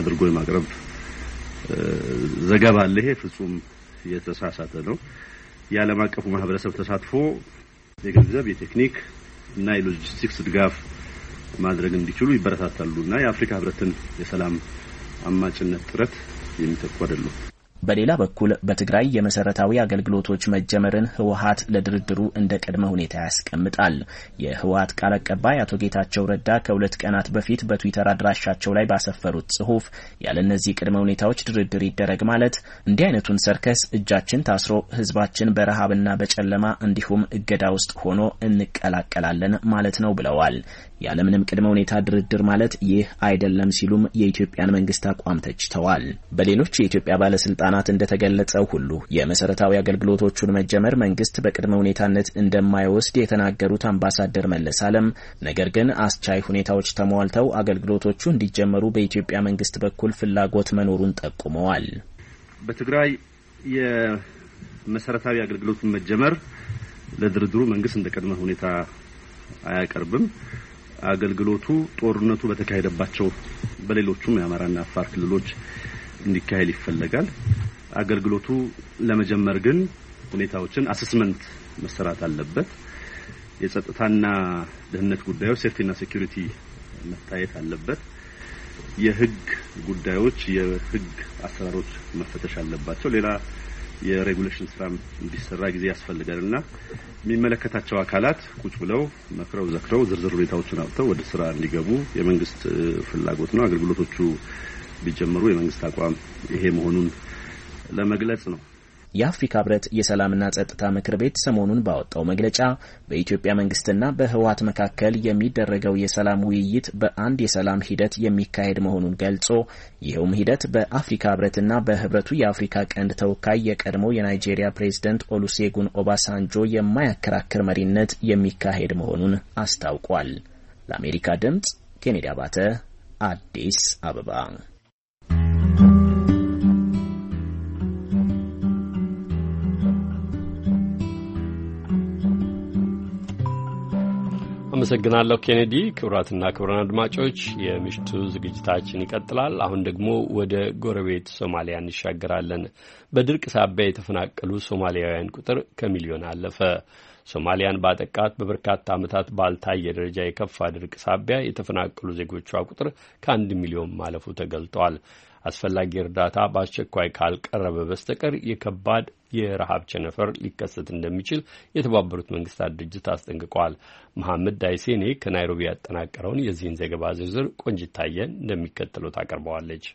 አድርጎ የማቅረብ ዘገባ አለ። ይሄ ፍጹም የተሳሳተ ነው። የዓለም አቀፉ ማህበረሰብ ተሳትፎ የገንዘብ የቴክኒክ እና የሎጂስቲክስ ድጋፍ ማድረግ እንዲችሉ ይበረታታሉ እና የአፍሪካ ህብረትን የሰላም አማጭነት ጥረት የሚተኩ አይደሉም። በሌላ በኩል በትግራይ የመሰረታዊ አገልግሎቶች መጀመርን ህወሀት ለድርድሩ እንደ ቅድመ ሁኔታ ያስቀምጣል። የህወሀት ቃል አቀባይ አቶ ጌታቸው ረዳ ከሁለት ቀናት በፊት በትዊተር አድራሻቸው ላይ ባሰፈሩት ጽሁፍ ያለ እነዚህ ቅድመ ሁኔታዎች ድርድር ይደረግ ማለት እንዲህ አይነቱን ሰርከስ እጃችን ታስሮ ህዝባችን በረሃብና በጨለማ እንዲሁም እገዳ ውስጥ ሆኖ እንቀላቀላለን ማለት ነው ብለዋል። ያለምንም ቅድመ ሁኔታ ድርድር ማለት ይህ አይደለም ሲሉም የኢትዮጵያን መንግስት አቋም ተችተዋል። በሌሎች የኢትዮጵያ ባለስልጣናት እንደተገለጸው ሁሉ የመሰረታዊ አገልግሎቶቹን መጀመር መንግስት በቅድመ ሁኔታነት እንደማይወስድ የተናገሩት አምባሳደር መለስ አለም፣ ነገር ግን አስቻይ ሁኔታዎች ተሟልተው አገልግሎቶቹ እንዲጀመሩ በኢትዮጵያ መንግስት በኩል ፍላጎት መኖሩን ጠቁመዋል። በትግራይ የመሰረታዊ አገልግሎቱን መጀመር ለድርድሩ መንግስት እንደ ቅድመ ሁኔታ አያቀርብም። አገልግሎቱ ጦርነቱ በተካሄደባቸው በሌሎቹም የአማራና አፋር ክልሎች እንዲካሄድ ይፈለጋል። አገልግሎቱ ለመጀመር ግን ሁኔታዎችን አሰስመንት መሰራት አለበት። የጸጥታና ደህንነት ጉዳዮች ሴፍቲና ሴኩሪቲ መታየት አለበት። የህግ ጉዳዮች፣ የህግ አሰራሮች መፈተሽ አለባቸው። ሌላ የሬጉሌሽን ስራ እንዲሰራ ጊዜ ያስፈልጋል እና የሚመለከታቸው አካላት ቁጭ ብለው መክረው ዘክረው ዝርዝር ሁኔታዎችን አውጥተው ወደ ስራ እንዲገቡ የመንግስት ፍላጎት ነው። አገልግሎቶቹ ቢጀምሩ የመንግስት አቋም ይሄ መሆኑን ለመግለጽ ነው። የአፍሪካ ህብረት የሰላምና ጸጥታ ምክር ቤት ሰሞኑን ባወጣው መግለጫ በኢትዮጵያ መንግስትና በህወሓት መካከል የሚደረገው የሰላም ውይይት በአንድ የሰላም ሂደት የሚካሄድ መሆኑን ገልጾ ይኸውም ሂደት በአፍሪካ ህብረትና በህብረቱ የአፍሪካ ቀንድ ተወካይ የቀድሞ የናይጄሪያ ፕሬዝደንት ኦሉሴጉን ኦባሳንጆ የማያከራክር መሪነት የሚካሄድ መሆኑን አስታውቋል። ለአሜሪካ ድምጽ ኬኔዲ አባተ አዲስ አበባ አመሰግናለሁ ኬኔዲ። ክቡራትና ክቡራን አድማጮች የምሽቱ ዝግጅታችን ይቀጥላል። አሁን ደግሞ ወደ ጎረቤት ሶማሊያ እንሻገራለን። በድርቅ ሳቢያ የተፈናቀሉ ሶማሊያውያን ቁጥር ከሚሊዮን አለፈ። ሶማሊያን ባጠቃት በበርካታ ዓመታት ባልታየ ደረጃ የከፋ ድርቅ ሳቢያ የተፈናቀሉ ዜጎቿ ቁጥር ከአንድ ሚሊዮን ማለፉ ተገልጧል። አስፈላጊ እርዳታ በአስቸኳይ ካልቀረበ በስተቀር የከባድ የረሃብ ቸነፈር ሊከሰት እንደሚችል የተባበሩት መንግስታት ድርጅት አስጠንቅቋል። መሐመድ ዳይሴኔ ከናይሮቢ ያጠናቀረውን የዚህን ዘገባ ዝርዝር ቆንጅታየ እንደሚከተለው ታቀርበዋለች።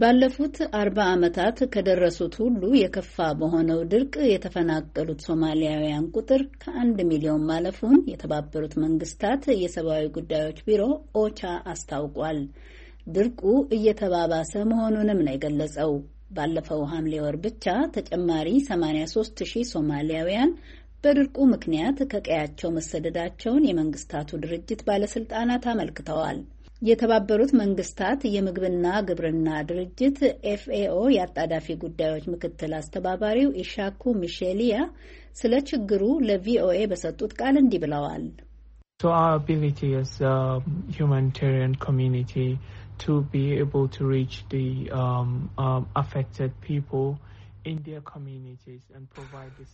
ባለፉት አርባ ዓመታት ከደረሱት ሁሉ የከፋ በሆነው ድርቅ የተፈናቀሉት ሶማሊያውያን ቁጥር ከአንድ ሚሊዮን ማለፉን የተባበሩት መንግስታት የሰብአዊ ጉዳዮች ቢሮ ኦቻ አስታውቋል። ድርቁ እየተባባሰ መሆኑንም ነው የገለጸው። ባለፈው ሐምሌ ወር ብቻ ተጨማሪ 83 ሺህ ሶማሊያውያን በድርቁ ምክንያት ከቀያቸው መሰደዳቸውን የመንግስታቱ ድርጅት ባለስልጣናት አመልክተዋል። የተባበሩት መንግስታት የምግብና ግብርና ድርጅት ኤፍኤኦ የአጣዳፊ ጉዳዮች ምክትል አስተባባሪው ኢሻኩ ሚሼሊያ ስለ ችግሩ ለቪኦኤ በሰጡት ቃል እንዲህ ብለዋል። to be able to reach the um, um, affected people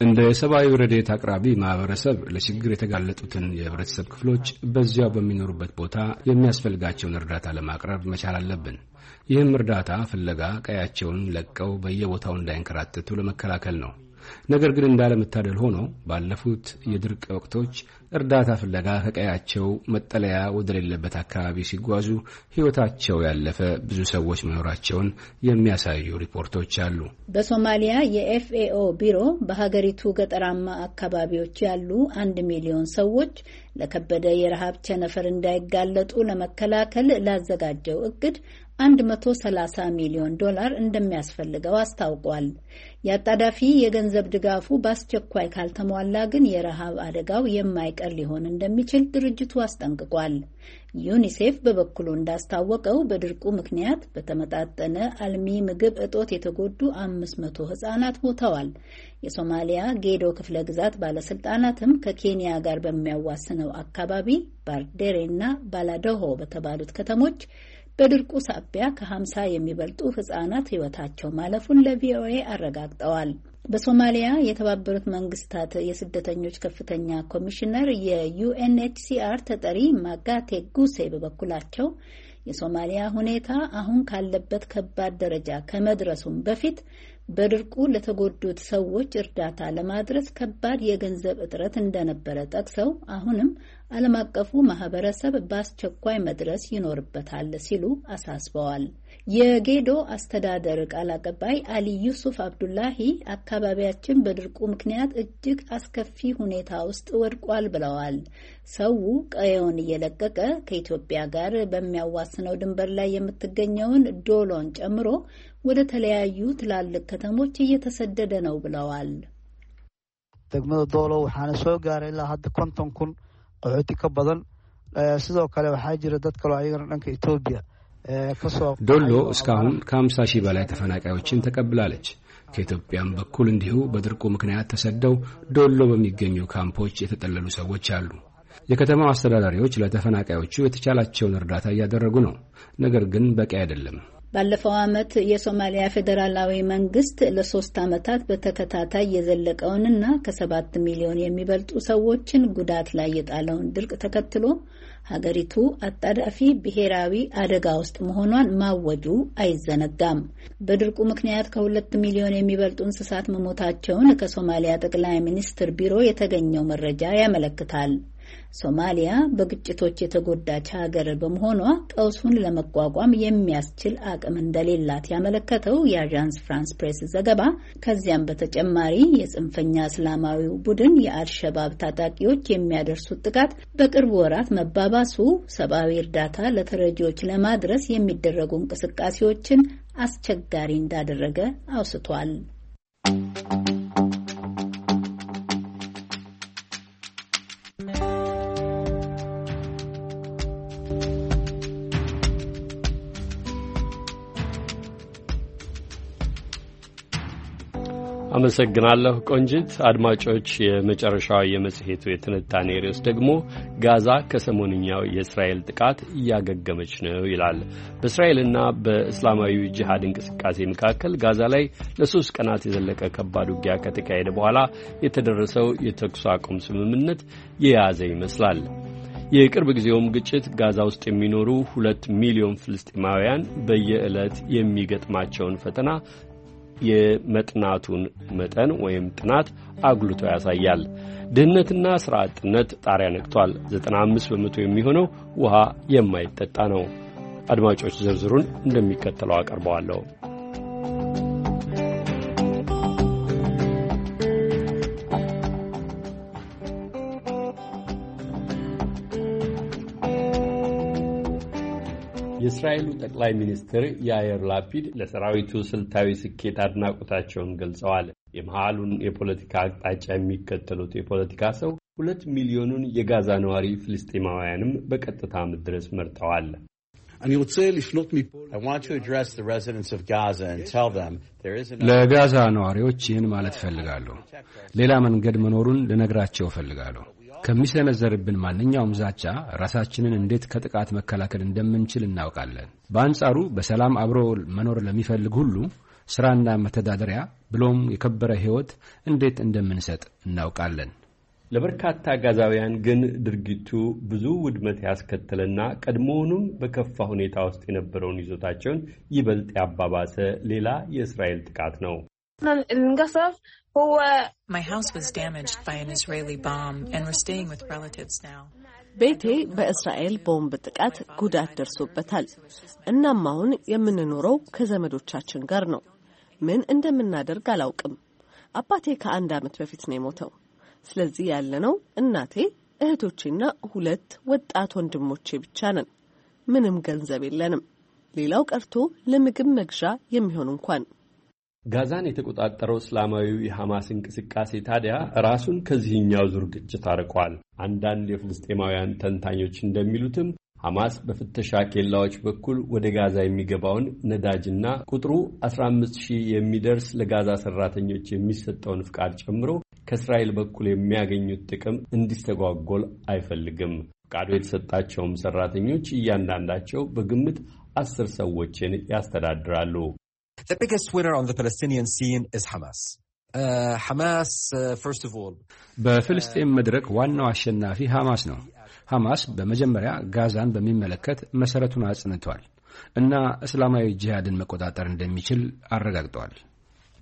እንደ ሰብአዊ ረዴት አቅራቢ ማህበረሰብ ለችግር የተጋለጡትን የህብረተሰብ ክፍሎች በዚያው በሚኖሩበት ቦታ የሚያስፈልጋቸውን እርዳታ ለማቅረብ መቻል አለብን። ይህም እርዳታ ፍለጋ ቀያቸውን ለቀው በየቦታው እንዳይንከራተቱ ለመከላከል ነው። ነገር ግን እንዳለመታደል ሆኖ ባለፉት የድርቅ ወቅቶች እርዳታ ፍለጋ ከቀያቸው መጠለያ ወደሌለበት አካባቢ ሲጓዙ ሕይወታቸው ያለፈ ብዙ ሰዎች መኖራቸውን የሚያሳዩ ሪፖርቶች አሉ። በሶማሊያ የኤፍኤኦ ቢሮ በሀገሪቱ ገጠራማ አካባቢዎች ያሉ አንድ ሚሊዮን ሰዎች ለከበደ የረሃብ ቸነፈር እንዳይጋለጡ ለመከላከል ላዘጋጀው እቅድ 130 ሚሊዮን ዶላር እንደሚያስፈልገው አስታውቋል። የአጣዳፊ የገንዘብ ድጋፉ በአስቸኳይ ካልተሟላ ግን የረሃብ አደጋው የማይቀር ሊሆን እንደሚችል ድርጅቱ አስጠንቅቋል። ዩኒሴፍ በበኩሉ እንዳስታወቀው በድርቁ ምክንያት በተመጣጠነ አልሚ ምግብ እጦት የተጎዱ 500 ሕጻናት ሞተዋል። የሶማሊያ ጌዶ ክፍለ ግዛት ባለስልጣናትም ከኬንያ ጋር በሚያዋስነው አካባቢ ባርዴሬ እና ባላደሆ በተባሉት ከተሞች በድርቁ ሳቢያ ከ50 የሚበልጡ ህጻናት ህይወታቸው ማለፉን ለቪኦኤ አረጋግጠዋል። በሶማሊያ የተባበሩት መንግስታት የስደተኞች ከፍተኛ ኮሚሽነር የዩኤንኤችሲአር ተጠሪ ማጋቴ ጉሴ በበኩላቸው የሶማሊያ ሁኔታ አሁን ካለበት ከባድ ደረጃ ከመድረሱም በፊት በድርቁ ለተጎዱት ሰዎች እርዳታ ለማድረስ ከባድ የገንዘብ እጥረት እንደነበረ ጠቅሰው አሁንም ዓለም አቀፉ ማህበረሰብ በአስቸኳይ መድረስ ይኖርበታል ሲሉ አሳስበዋል። የጌዶ አስተዳደር ቃል አቀባይ አሊ ዩሱፍ አብዱላሂ አካባቢያችን በድርቁ ምክንያት እጅግ አስከፊ ሁኔታ ውስጥ ወድቋል ብለዋል። ሰው ቀየውን እየለቀቀ ከኢትዮጵያ ጋር በሚያዋስነው ድንበር ላይ የምትገኘውን ዶሎን ጨምሮ ወደ ተለያዩ ትላልቅ ከተሞች እየተሰደደ ነው ብለዋል። ደግሞ ዶሎ qaxooti ka badan sidoo kale waxaa jira dad kaloo ayagana dhanka etoobiya ዶሎ እስካሁን ከ ሺህ በላይ ተፈናቃዮችን ተቀብላለች። ከኢትዮጵያም በኩል እንዲሁ በድርቁ ምክንያት ተሰደው ዶሎ በሚገኙ ካምፖች የተጠለሉ ሰዎች አሉ። የከተማው አስተዳዳሪዎች ለተፈናቃዮቹ የተቻላቸውን እርዳታ እያደረጉ ነው። ነገር ግን በቂ አይደለም። ባለፈው ዓመት የሶማሊያ ፌዴራላዊ መንግስት ለሶስት ዓመታት በተከታታይ የዘለቀውንና ከሰባት ሚሊዮን የሚበልጡ ሰዎችን ጉዳት ላይ የጣለውን ድርቅ ተከትሎ ሀገሪቱ አጣዳፊ ብሔራዊ አደጋ ውስጥ መሆኗን ማወጁ አይዘነጋም። በድርቁ ምክንያት ከሁለት ሚሊዮን የሚበልጡ እንስሳት መሞታቸውን ከሶማሊያ ጠቅላይ ሚኒስትር ቢሮ የተገኘው መረጃ ያመለክታል። ሶማሊያ በግጭቶች የተጎዳች ሀገር በመሆኗ ቀውሱን ለመቋቋም የሚያስችል አቅም እንደሌላት ያመለከተው የአዣንስ ፍራንስ ፕሬስ ዘገባ ከዚያም በተጨማሪ የጽንፈኛ እስላማዊው ቡድን የአልሸባብ ታጣቂዎች የሚያደርሱት ጥቃት በቅርብ ወራት መባባሱ ሰብአዊ እርዳታ ለተረጂዎች ለማድረስ የሚደረጉ እንቅስቃሴዎችን አስቸጋሪ እንዳደረገ አውስቷል። አመሰግናለሁ ቆንጅት። አድማጮች፣ የመጨረሻው የመጽሔቱ የትንታኔ ርዕስ ደግሞ ጋዛ ከሰሞንኛው የእስራኤል ጥቃት እያገገመች ነው ይላል። በእስራኤልና በእስላማዊ ጅሃድ እንቅስቃሴ መካከል ጋዛ ላይ ለሶስት ቀናት የዘለቀ ከባድ ውጊያ ከተካሄደ በኋላ የተደረሰው የተኩስ አቁም ስምምነት የያዘ ይመስላል። የቅርብ ጊዜውም ግጭት ጋዛ ውስጥ የሚኖሩ ሁለት ሚሊዮን ፍልስጤማውያን በየዕለት የሚገጥማቸውን ፈተና የመጥናቱን መጠን ወይም ጥናት አጉልቶ ያሳያል። ድህነትና ሥራ አጥነት ጣሪያ ነቅቷል። 95 በመቶ የሚሆነው ውሃ የማይጠጣ ነው። አድማጮች ዝርዝሩን እንደሚከተለው አቀርበዋለሁ። የእስራኤሉ ጠቅላይ ሚኒስትር ያየር ላፒድ ለሰራዊቱ ስልታዊ ስኬት አድናቆታቸውን ገልጸዋል። የመሃሉን የፖለቲካ አቅጣጫ የሚከተሉት የፖለቲካ ሰው ሁለት ሚሊዮኑን የጋዛ ነዋሪ ፍልስጤማውያንም በቀጥታ መድረስ መርጠዋል። ለጋዛ ነዋሪዎች ይህን ማለት እፈልጋለሁ። ሌላ መንገድ መኖሩን ልነግራቸው እፈልጋለሁ። ከሚሰነዘርብን ማንኛውም ዛቻ ራሳችንን እንዴት ከጥቃት መከላከል እንደምንችል እናውቃለን። በአንጻሩ በሰላም አብሮ መኖር ለሚፈልግ ሁሉ ስራና መተዳደሪያ ብሎም የከበረ ሕይወት እንዴት እንደምንሰጥ እናውቃለን። ለበርካታ ጋዛውያን ግን ድርጊቱ ብዙ ውድመት ያስከተለና ቀድሞውኑም በከፋ ሁኔታ ውስጥ የነበረውን ይዞታቸውን ይበልጥ ያባባሰ ሌላ የእስራኤል ጥቃት ነው። ቤቴ በእስራኤል ቦምብ ጥቃት ጉዳት ደርሶበታል። እናም አሁን የምንኖረው ከዘመዶቻችን ጋር ነው። ምን እንደምናደርግ አላውቅም። አባቴ ከአንድ ዓመት በፊት ነው የሞተው። ስለዚህ ያለነው እናቴ፣ እህቶቼና ሁለት ወጣት ወንድሞቼ ብቻ ነን። ምንም ገንዘብ የለንም። ሌላው ቀርቶ ለምግብ መግዣ የሚሆን እንኳን ጋዛን የተቆጣጠረው እስላማዊው የሐማስ እንቅስቃሴ ታዲያ ራሱን ከዚህኛው ዙር ግጭት አርቋል። አንዳንድ የፍልስጤማውያን ተንታኞች እንደሚሉትም ሐማስ በፍተሻ ኬላዎች በኩል ወደ ጋዛ የሚገባውን ነዳጅና ቁጥሩ 150 የሚደርስ ለጋዛ ሰራተኞች የሚሰጠውን ፍቃድ ጨምሮ ከእስራኤል በኩል የሚያገኙት ጥቅም እንዲስተጓጎል አይፈልግም። ፍቃዱ የተሰጣቸውም ሰራተኞች እያንዳንዳቸው በግምት አስር ሰዎችን ያስተዳድራሉ። The biggest winner on the Palestinian scene is Hamas. Uh, uh, በፍልስጤም መድረክ ዋናው አሸናፊ ሐማስ ነው። ሐማስ በመጀመሪያ ጋዛን በሚመለከት መሠረቱን አጽንቷል እና እስላማዊ ጂሃድን መቆጣጠር እንደሚችል አረጋግጠዋል።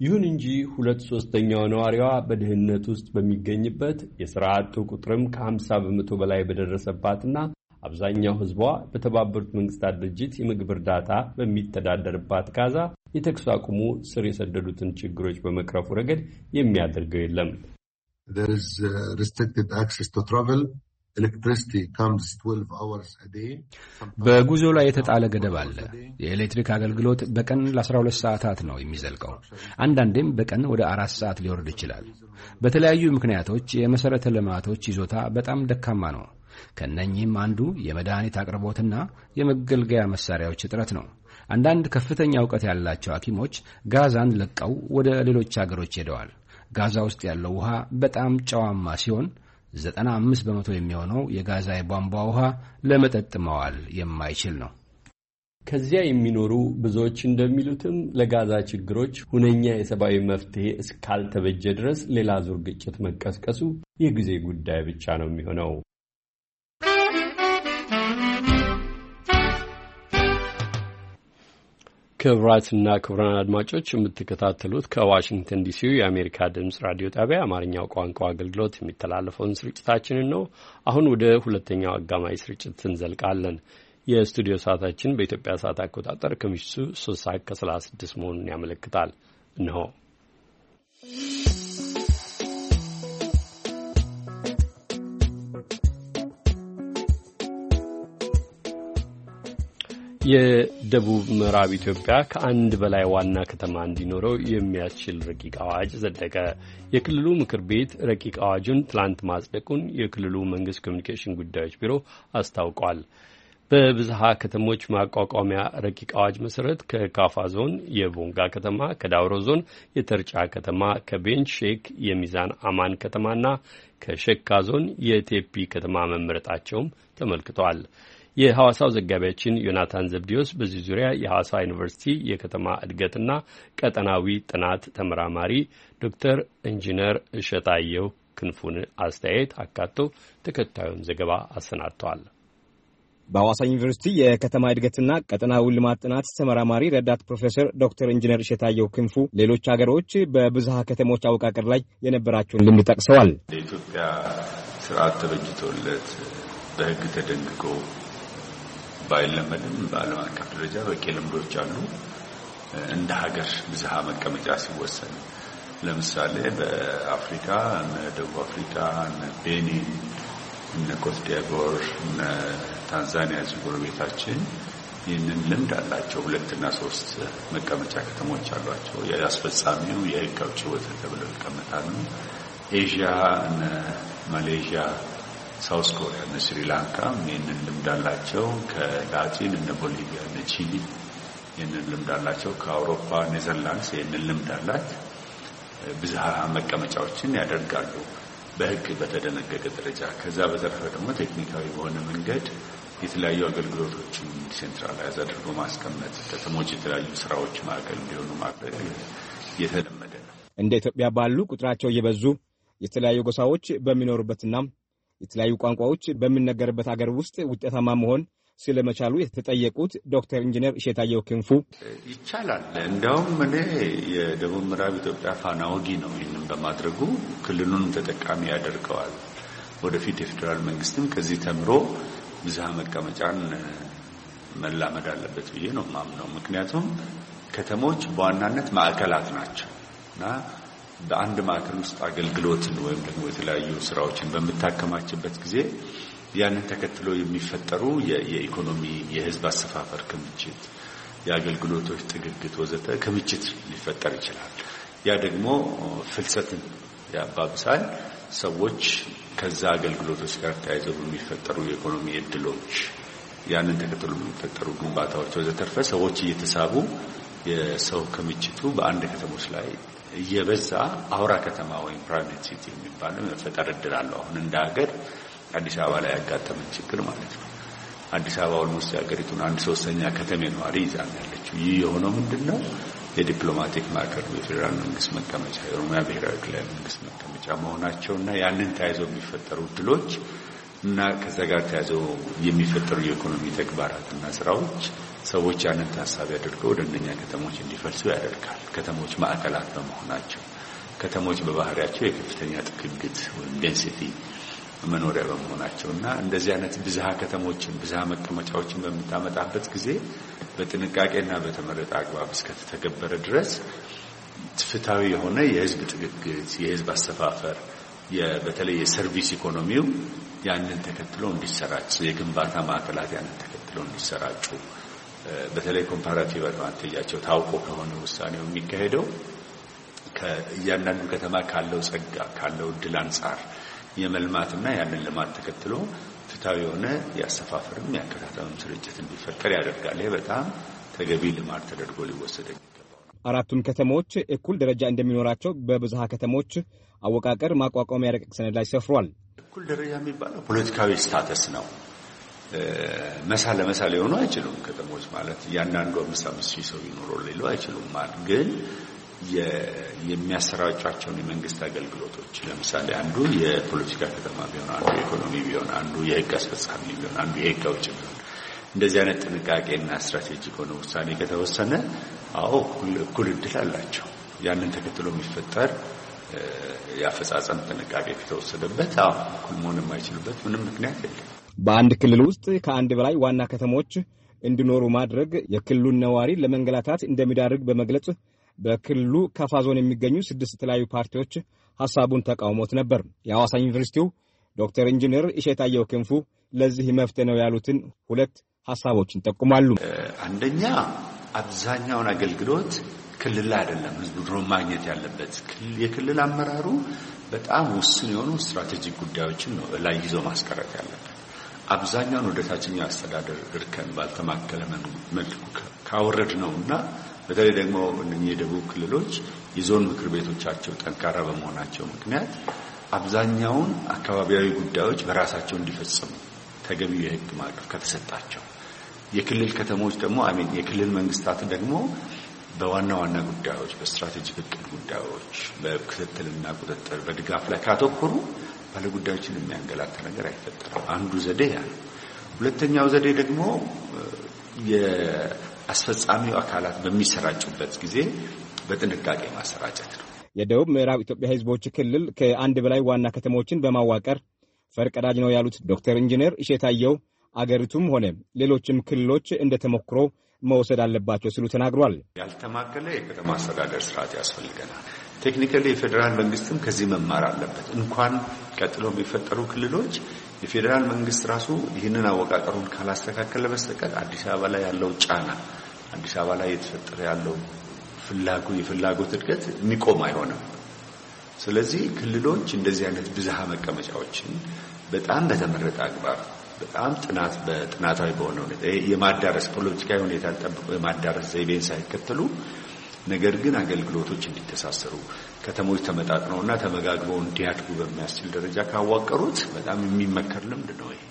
ይሁን እንጂ ሁለት ሦስተኛው ነዋሪዋ በድህነት ውስጥ በሚገኝበት የሥራ አጡ ቁጥርም ከ50 በመቶ በላይ በደረሰባትና አብዛኛው ሕዝቧ በተባበሩት መንግሥታት ድርጅት የምግብ እርዳታ በሚተዳደርባት ጋዛ የተኩስ አቁሙ ስር የሰደዱትን ችግሮች በመቅረፉ ረገድ የሚያደርገው የለም። uh, በጉዞ ላይ የተጣለ ገደብ አለ። የኤሌክትሪክ አገልግሎት በቀን ለ12 ሰዓታት ነው የሚዘልቀው። አንዳንዴም በቀን ወደ አራት ሰዓት ሊወርድ ይችላል። በተለያዩ ምክንያቶች የመሠረተ ልማቶች ይዞታ በጣም ደካማ ነው። ከእነኚህም አንዱ የመድኃኒት አቅርቦትና የመገልገያ መሣሪያዎች እጥረት ነው። አንዳንድ ከፍተኛ እውቀት ያላቸው ሐኪሞች ጋዛን ለቀው ወደ ሌሎች አገሮች ሄደዋል። ጋዛ ውስጥ ያለው ውሃ በጣም ጨዋማ ሲሆን 95 በመቶ የሚሆነው የጋዛ የቧንቧ ውሃ ለመጠጥ መዋል የማይችል ነው። ከዚያ የሚኖሩ ብዙዎች እንደሚሉትም ለጋዛ ችግሮች ሁነኛ የሰብአዊ መፍትሄ እስካልተበጀ ድረስ ሌላ ዙር ግጭት መቀስቀሱ የጊዜ ጉዳይ ብቻ ነው የሚሆነው። ክቡራትና ክቡራን አድማጮች የምትከታተሉት ከዋሽንግተን ዲሲ የአሜሪካ ድምጽ ራዲዮ ጣቢያ አማርኛው ቋንቋ አገልግሎት የሚተላለፈውን ስርጭታችንን ነው። አሁን ወደ ሁለተኛው አጋማሽ ስርጭት እንዘልቃለን። የስቱዲዮ ሰዓታችን በኢትዮጵያ ሰዓት አቆጣጠር ከምሽቱ ሶስት ሰዓት ከሰላሳ ስድስት መሆኑን ያመለክታል። እንሆ የደቡብ ምዕራብ ኢትዮጵያ ከአንድ በላይ ዋና ከተማ እንዲኖረው የሚያስችል ረቂቅ አዋጅ ጸደቀ። የክልሉ ምክር ቤት ረቂቅ አዋጁን ትላንት ማጽደቁን የክልሉ መንግስት ኮሚኒኬሽን ጉዳዮች ቢሮ አስታውቋል። በብዝሃ ከተሞች ማቋቋሚያ ረቂቅ አዋጅ መሰረት ከካፋ ዞን የቦንጋ ከተማ፣ ከዳውሮ ዞን የተርጫ ከተማ፣ ከቤንች ሼክ የሚዛን አማን ከተማና ከሸካ ዞን የቴፒ ከተማ መመረጣቸውም ተመልክቷል። የሐዋሳው ዘጋቢያችን ዮናታን ዘብዲዮስ በዚህ ዙሪያ የሐዋሳ ዩኒቨርሲቲ የከተማ እድገትና ቀጠናዊ ጥናት ተመራማሪ ዶክተር ኢንጂነር እሸታየው ክንፉን አስተያየት አካቶ ተከታዩን ዘገባ አሰናድተዋል። በሐዋሳ ዩኒቨርሲቲ የከተማ እድገትና ቀጠናዊ ልማት ጥናት ተመራማሪ ረዳት ፕሮፌሰር ዶክተር ኢንጂነር እሸታየው ክንፉ ሌሎች ሀገሮች በብዝሃ ከተሞች አወቃቀር ላይ የነበራቸውን ልምድ ጠቅሰዋል። የኢትዮጵያ ስርዓት ተበጅቶለት በህግ ተደንግጎ ባይለመድም በዓለም አቀፍ ደረጃ በቂ ልምዶች አሉ። እንደ ሀገር ብዝሃ መቀመጫ ሲወሰን ለምሳሌ በአፍሪካ እነ ደቡብ አፍሪካ፣ እነ ቤኒን፣ እነ ኮትዲያጎር፣ እነ ታንዛኒያ ጎረቤታችን ይህንን ልምድ አላቸው። ሁለትና ሶስት መቀመጫ ከተሞች አሏቸው። የአስፈጻሚው የህግ አውጪው ተብለው ይቀመጣሉ። ኤዥያ እነ ማሌዥያ ሳውስ ኮሪያ፣ እነ ስሪላንካ ይህንን ልምድ አላቸው። ከላቲን እነ ቦሊቪያ፣ እነ ቺሊ ይህንን ልምድ አላቸው። ከአውሮፓ ኔዘርላንድስ ይህንን ልምድ አላት። ብዝሃ መቀመጫዎችን ያደርጋሉ በሕግ በተደነገገ ደረጃ። ከዛ በተረፈ ደግሞ ቴክኒካዊ በሆነ መንገድ የተለያዩ አገልግሎቶችን ሴንትራላይዝ አድርጎ ማስቀመጥ፣ ከተሞች የተለያዩ ስራዎች ማዕከል እንዲሆኑ ማድረግ የተለመደ ነው። እንደ ኢትዮጵያ ባሉ ቁጥራቸው እየበዙ የተለያዩ ጎሳዎች በሚኖሩበትና የተለያዩ ቋንቋዎች በሚነገርበት ሀገር ውስጥ ውጤታማ መሆን ስለመቻሉ የተጠየቁት ዶክተር ኢንጂነር እሸታየው ክንፉ ይቻላል። እንዲያውም እኔ የደቡብ ምዕራብ ኢትዮጵያ ፋና ወጊ ነው ይህንም በማድረጉ ክልሉንም ተጠቃሚ ያደርገዋል። ወደፊት የፌዴራል መንግስትም ከዚህ ተምሮ ብዝሃ መቀመጫን መላመድ አለበት ብዬ ነው ማምነው። ምክንያቱም ከተሞች በዋናነት ማዕከላት ናቸው እና በአንድ ማዕከል ውስጥ አገልግሎትን ወይም ደግሞ የተለያዩ ስራዎችን በምታከማችበት ጊዜ ያንን ተከትሎ የሚፈጠሩ የኢኮኖሚ፣ የህዝብ አሰፋፈር ክምችት፣ የአገልግሎቶች ጥግግት ወዘተ ክምችት ሊፈጠር ይችላል። ያ ደግሞ ፍልሰትን ያባብሳል። ሰዎች ከዛ አገልግሎቶች ጋር ተያይዘው በሚፈጠሩ የኢኮኖሚ እድሎች፣ ያንን ተከትሎ የሚፈጠሩ ግንባታዎች ወዘተርፈ ሰዎች እየተሳቡ የሰው ክምችቱ በአንድ ከተሞች ላይ እየበዛ አውራ ከተማ ወይም ፕራይቬት ሲቲ የሚባል መፈጠር እድል አለው። አሁን እንደ ሀገር አዲስ አበባ ላይ ያጋጠመን ችግር ማለት ነው። አዲስ አበባ ኦልሞስት የሀገሪቱን አንድ ሶስተኛ ከተሜ ነዋሪ ይዛም ያለችው ይህ የሆነው ምንድን ነው? የዲፕሎማቲክ ማዕከሉ የፌዴራል መንግስት መቀመጫ፣ የኦሮሚያ ብሔራዊ ክልላዊ መንግስት መቀመጫ መሆናቸው እና ያንን ተያይዘው የሚፈጠሩ እድሎች እና ከዛ ጋር ተያይዘው የሚፈጠሩ የኢኮኖሚ ተግባራትና ስራዎች ሰዎች ያንን ታሳቢ አድርገው ወደ እነኛ ከተሞች እንዲፈልሱ ያደርጋል። ከተሞች ማዕከላት በመሆናቸው ከተሞች በባህሪያቸው የከፍተኛ ጥግግት ወይም ዴንሲቲ መኖሪያ በመሆናቸው እና እንደዚህ አይነት ብዝሃ ከተሞችን ብዝሃ መቀመጫዎችን በምታመጣበት ጊዜ በጥንቃቄና በተመረጠ አግባብ እስከተተገበረ ድረስ ፍትሐዊ የሆነ የህዝብ ጥግግት፣ የህዝብ አሰፋፈር፣ በተለይ የሰርቪስ ኢኮኖሚው ያንን ተከትሎ እንዲሰራጭ፣ የግንባታ ማዕከላት ያንን ተከትሎ እንዲሰራጩ በተለይ ኮምፓራቲቭ አድቫንቴጃቸው ታውቆ ከሆነ ውሳኔው የሚካሄደው ከእያንዳንዱ ከተማ ካለው ጸጋ ካለው እድል አንጻር የመልማትና ያንን ልማት ተከትሎ ፍትሃዊ የሆነ የአሰፋፈርም የአከታተምም ስርጭት እንዲፈጠር ያደርጋል። ይህ በጣም ተገቢ ልማድ ተደርጎ ሊወሰድ አራቱም ከተሞች እኩል ደረጃ እንደሚኖራቸው በብዝሃ ከተሞች አወቃቀር ማቋቋሚያ ረቂቅ ሰነድ ላይ ሰፍሯል። እኩል ደረጃ የሚባለው ፖለቲካዊ ስታተስ ነው። መሳ ለመሳ ሊሆኑ አይችሉም። ከተሞች ማለት እያንዳንዱ አምስት አምስት ሺህ ሰው ይኖረው ሌሉ አይችሉም ማለት ግን የሚያሰራጫቸውን የመንግስት አገልግሎቶች ለምሳሌ አንዱ የፖለቲካ ከተማ ቢሆን፣ አንዱ የኢኮኖሚ ቢሆን፣ አንዱ የህግ አስፈጻሚ ቢሆን፣ አንዱ የህግ አውጭ ቢሆን እንደዚህ አይነት ጥንቃቄና ስትራቴጂ ሆነ ውሳኔ ከተወሰነ አዎ እኩል እድል አላቸው። ያንን ተከትሎ የሚፈጠር የአፈጻጸም ጥንቃቄ ከተወሰደበት አዎ እኩል መሆን የማይችልበት ምንም ምክንያት የለም። በአንድ ክልል ውስጥ ከአንድ በላይ ዋና ከተሞች እንዲኖሩ ማድረግ የክልሉን ነዋሪ ለመንገላታት እንደሚዳርግ በመግለጽ በክልሉ ካፋ ዞን የሚገኙ ስድስት የተለያዩ ፓርቲዎች ሀሳቡን ተቃውሞት ነበር። የሐዋሳ ዩኒቨርሲቲው ዶክተር ኢንጂነር እሸታየው ክንፉ ለዚህ መፍትሄ ነው ያሉትን ሁለት ሀሳቦችን ጠቁማሉ። አንደኛ አብዛኛውን አገልግሎት ክልል ላይ አይደለም ህዝቡ ድሮ ማግኘት ያለበት። የክልል አመራሩ በጣም ውስን የሆኑ ስትራቴጂክ ጉዳዮችን ነው ላይ ይዞ ማስቀረት ያለበት አብዛኛውን ወደ ታችኛው አስተዳደር እርከን ባልተማከለ መልኩ ካወረድ ነው እና በተለይ ደግሞ እነኚህ የደቡብ ክልሎች የዞን ምክር ቤቶቻቸው ጠንካራ በመሆናቸው ምክንያት አብዛኛውን አካባቢያዊ ጉዳዮች በራሳቸው እንዲፈጽሙ ተገቢው የሕግ ማዕቀፍ ከተሰጣቸው የክልል ከተሞች ደግሞ አሜን የክልል መንግስታት ደግሞ በዋና ዋና ጉዳዮች፣ በስትራቴጂክ እቅድ ጉዳዮች፣ በክትትልና ቁጥጥር፣ በድጋፍ ላይ ካተኮሩ ባለጉዳዮችን የሚያንገላታ ነገር አይፈጠርም። አንዱ ዘዴ ያ ነው። ሁለተኛው ዘዴ ደግሞ የአስፈጻሚው አካላት በሚሰራጩበት ጊዜ በጥንቃቄ ማሰራጨት ነው። የደቡብ ምዕራብ ኢትዮጵያ ሕዝቦች ክልል ከአንድ በላይ ዋና ከተሞችን በማዋቀር ፈርቀዳጅ ነው ያሉት ዶክተር ኢንጂነር እሸታየው አገሪቱም ሆነ ሌሎችም ክልሎች እንደ ተሞክሮ መውሰድ አለባቸው ሲሉ ተናግሯል። ያልተማከለ የከተማ አስተዳደር ስርዓት ያስፈልገናል። ቴክኒካሊ የፌዴራል መንግስትም ከዚህ መማር አለበት። እንኳን ቀጥሎ የሚፈጠሩ ክልሎች የፌዴራል መንግስት ራሱ ይህንን አወቃቀሩን ካላስተካከለ በስተቀር አዲስ አበባ ላይ ያለው ጫና፣ አዲስ አበባ ላይ የተፈጠረ ያለው የፍላጎት እድገት የሚቆም አይሆንም። ስለዚህ ክልሎች እንደዚህ አይነት ብዝሃ መቀመጫዎችን በጣም በተመረጠ አግባብ በጣም ጥናት በጥናታዊ በሆነ ሁኔታ የማዳረስ ፖለቲካዊ ሁኔታ ጠብቆ የማዳረስ ዘይቤን ሳይከተሉ ነገር ግን አገልግሎቶች እንዲተሳሰሩ ከተሞች ተመጣጥነውና ተመጋግበው እንዲያድጉ በሚያስችል ደረጃ ካዋቀሩት በጣም የሚመከር ልምድ ነው። ይሄ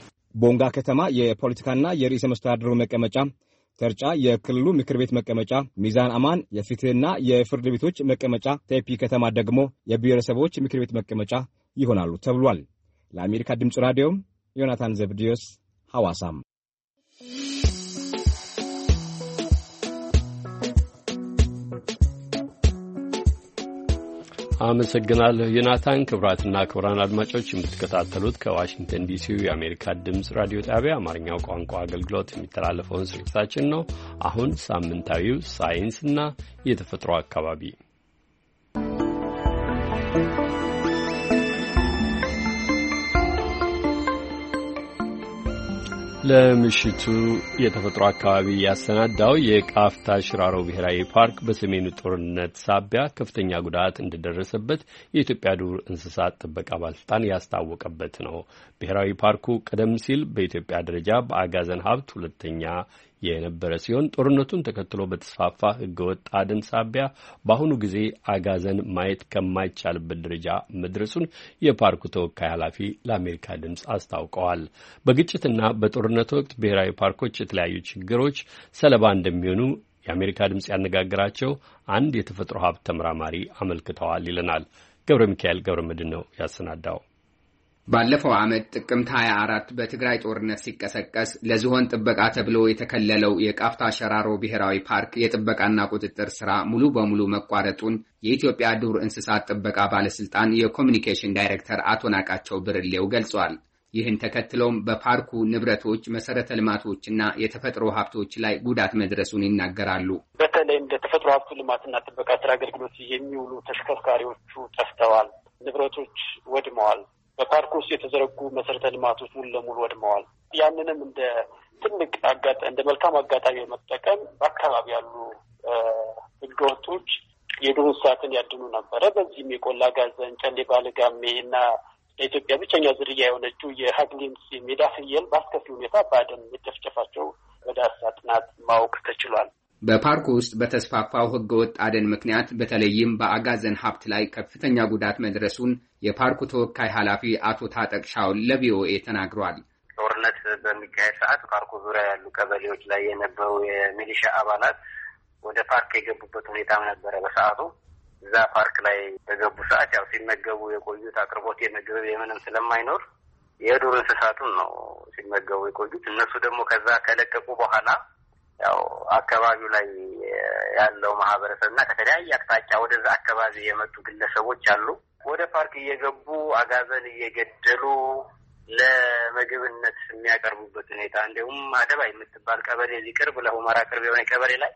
ቦንጋ ከተማ የፖለቲካና የርዕሰ መስተዳድሩ መቀመጫ፣ ተርጫ የክልሉ ምክር ቤት መቀመጫ፣ ሚዛን አማን የፍትህና የፍርድ ቤቶች መቀመጫ፣ ቴፒ ከተማ ደግሞ የብሔረሰቦች ምክር ቤት መቀመጫ ይሆናሉ ተብሏል። ለአሜሪካ ድምፅ ራዲዮም ዮናታን ዘብድዮስ ሐዋሳም አመሰግናለሁ ዮናታን። ክቡራትና ክቡራን አድማጮች የምትከታተሉት ከዋሽንግተን ዲሲው የአሜሪካ ድምፅ ራዲዮ ጣቢያ አማርኛው ቋንቋ አገልግሎት የሚተላለፈውን ስርጭታችን ነው። አሁን ሳምንታዊው ሳይንስና የተፈጥሮ አካባቢ ለምሽቱ የተፈጥሮ አካባቢ ያሰናዳው የቃፍታ ሽራሮ ብሔራዊ ፓርክ በሰሜኑ ጦርነት ሳቢያ ከፍተኛ ጉዳት እንደደረሰበት የኢትዮጵያ ዱር እንስሳት ጥበቃ ባለስልጣን ያስታወቀበት ነው። ብሔራዊ ፓርኩ ቀደም ሲል በኢትዮጵያ ደረጃ በአጋዘን ሀብት ሁለተኛ የነበረ ሲሆን ጦርነቱን ተከትሎ በተስፋፋ ህገወጥ አደን ሳቢያ በአሁኑ ጊዜ አጋዘን ማየት ከማይቻልበት ደረጃ መድረሱን የፓርኩ ተወካይ ኃላፊ ለአሜሪካ ድምፅ አስታውቀዋል። በግጭትና በጦርነት ወቅት ብሔራዊ ፓርኮች የተለያዩ ችግሮች ሰለባ እንደሚሆኑ የአሜሪካ ድምፅ ያነጋገራቸው አንድ የተፈጥሮ ሀብት ተመራማሪ አመልክተዋል ይለናል። ገብረ ሚካኤል ገብረ መድን ነው ያሰናዳው። ባለፈው ዓመት ጥቅምት 24 በትግራይ ጦርነት ሲቀሰቀስ ለዝሆን ጥበቃ ተብሎ የተከለለው የቃፍታ ሸራሮ ብሔራዊ ፓርክ የጥበቃና ቁጥጥር ስራ ሙሉ በሙሉ መቋረጡን የኢትዮጵያ ዱር እንስሳት ጥበቃ ባለስልጣን የኮሚኒኬሽን ዳይሬክተር አቶ ናቃቸው ብርሌው ገልጿል። ይህን ተከትሎም በፓርኩ ንብረቶች፣ መሰረተ ልማቶችና የተፈጥሮ ሀብቶች ላይ ጉዳት መድረሱን ይናገራሉ። እንደ ተፈጥሮ ሀብቱ ልማትና ጥበቃ ስራ አገልግሎት የሚውሉ ተሽከርካሪዎቹ ጠፍተዋል፣ ንብረቶች ወድመዋል። በፓርክ ውስጥ የተዘረጉ መሰረተ ልማቶች ሙሉ ለሙሉ ወድመዋል። ያንንም እንደ ትልቅ አጋጣ እንደ መልካም አጋጣሚ በመጠቀም በአካባቢ ያሉ ህገወጦች የዱር እንስሳትን ያድኑ ነበረ። በዚህም የቆላ ጋዘን፣ ጨሌ ባለጋሜ እና ለኢትዮጵያ ብቸኛ ዝርያ የሆነችው የሀግሊምስ ሜዳ ፍየል በአስከፊ ሁኔታ በአደን መጨፍጨፋቸው በዳሳ ጥናት ማወቅ ተችሏል። በፓርኩ ውስጥ በተስፋፋው ህገወጥ አደን ምክንያት በተለይም በአጋዘን ሀብት ላይ ከፍተኛ ጉዳት መድረሱን የፓርኩ ተወካይ ኃላፊ አቶ ታጠቅ ሻውል ለቪኦኤ ተናግሯል። ጦርነት በሚካሄድ ሰዓት ፓርኩ ዙሪያ ያሉ ቀበሌዎች ላይ የነበሩ የሚሊሻ አባላት ወደ ፓርክ የገቡበት ሁኔታም ነበረ። በሰዓቱ እዛ ፓርክ ላይ በገቡ ሰዓት ያው ሲመገቡ የቆዩት አቅርቦት የምግብ የምንም ስለማይኖር የዱር እንስሳቱን ነው ሲመገቡ የቆዩት። እነሱ ደግሞ ከዛ ከለቀቁ በኋላ ያው አካባቢው ላይ ያለው ማህበረሰብ እና ከተለያየ አቅጣጫ ወደዛ አካባቢ የመጡ ግለሰቦች አሉ። ወደ ፓርክ እየገቡ አጋዘን እየገደሉ ለምግብነት የሚያቀርቡበት ሁኔታ እንዲሁም አደባ የምትባል ቀበሌ እዚህ ቅርብ ለሁመራ ቅርብ የሆነ ቀበሌ ላይ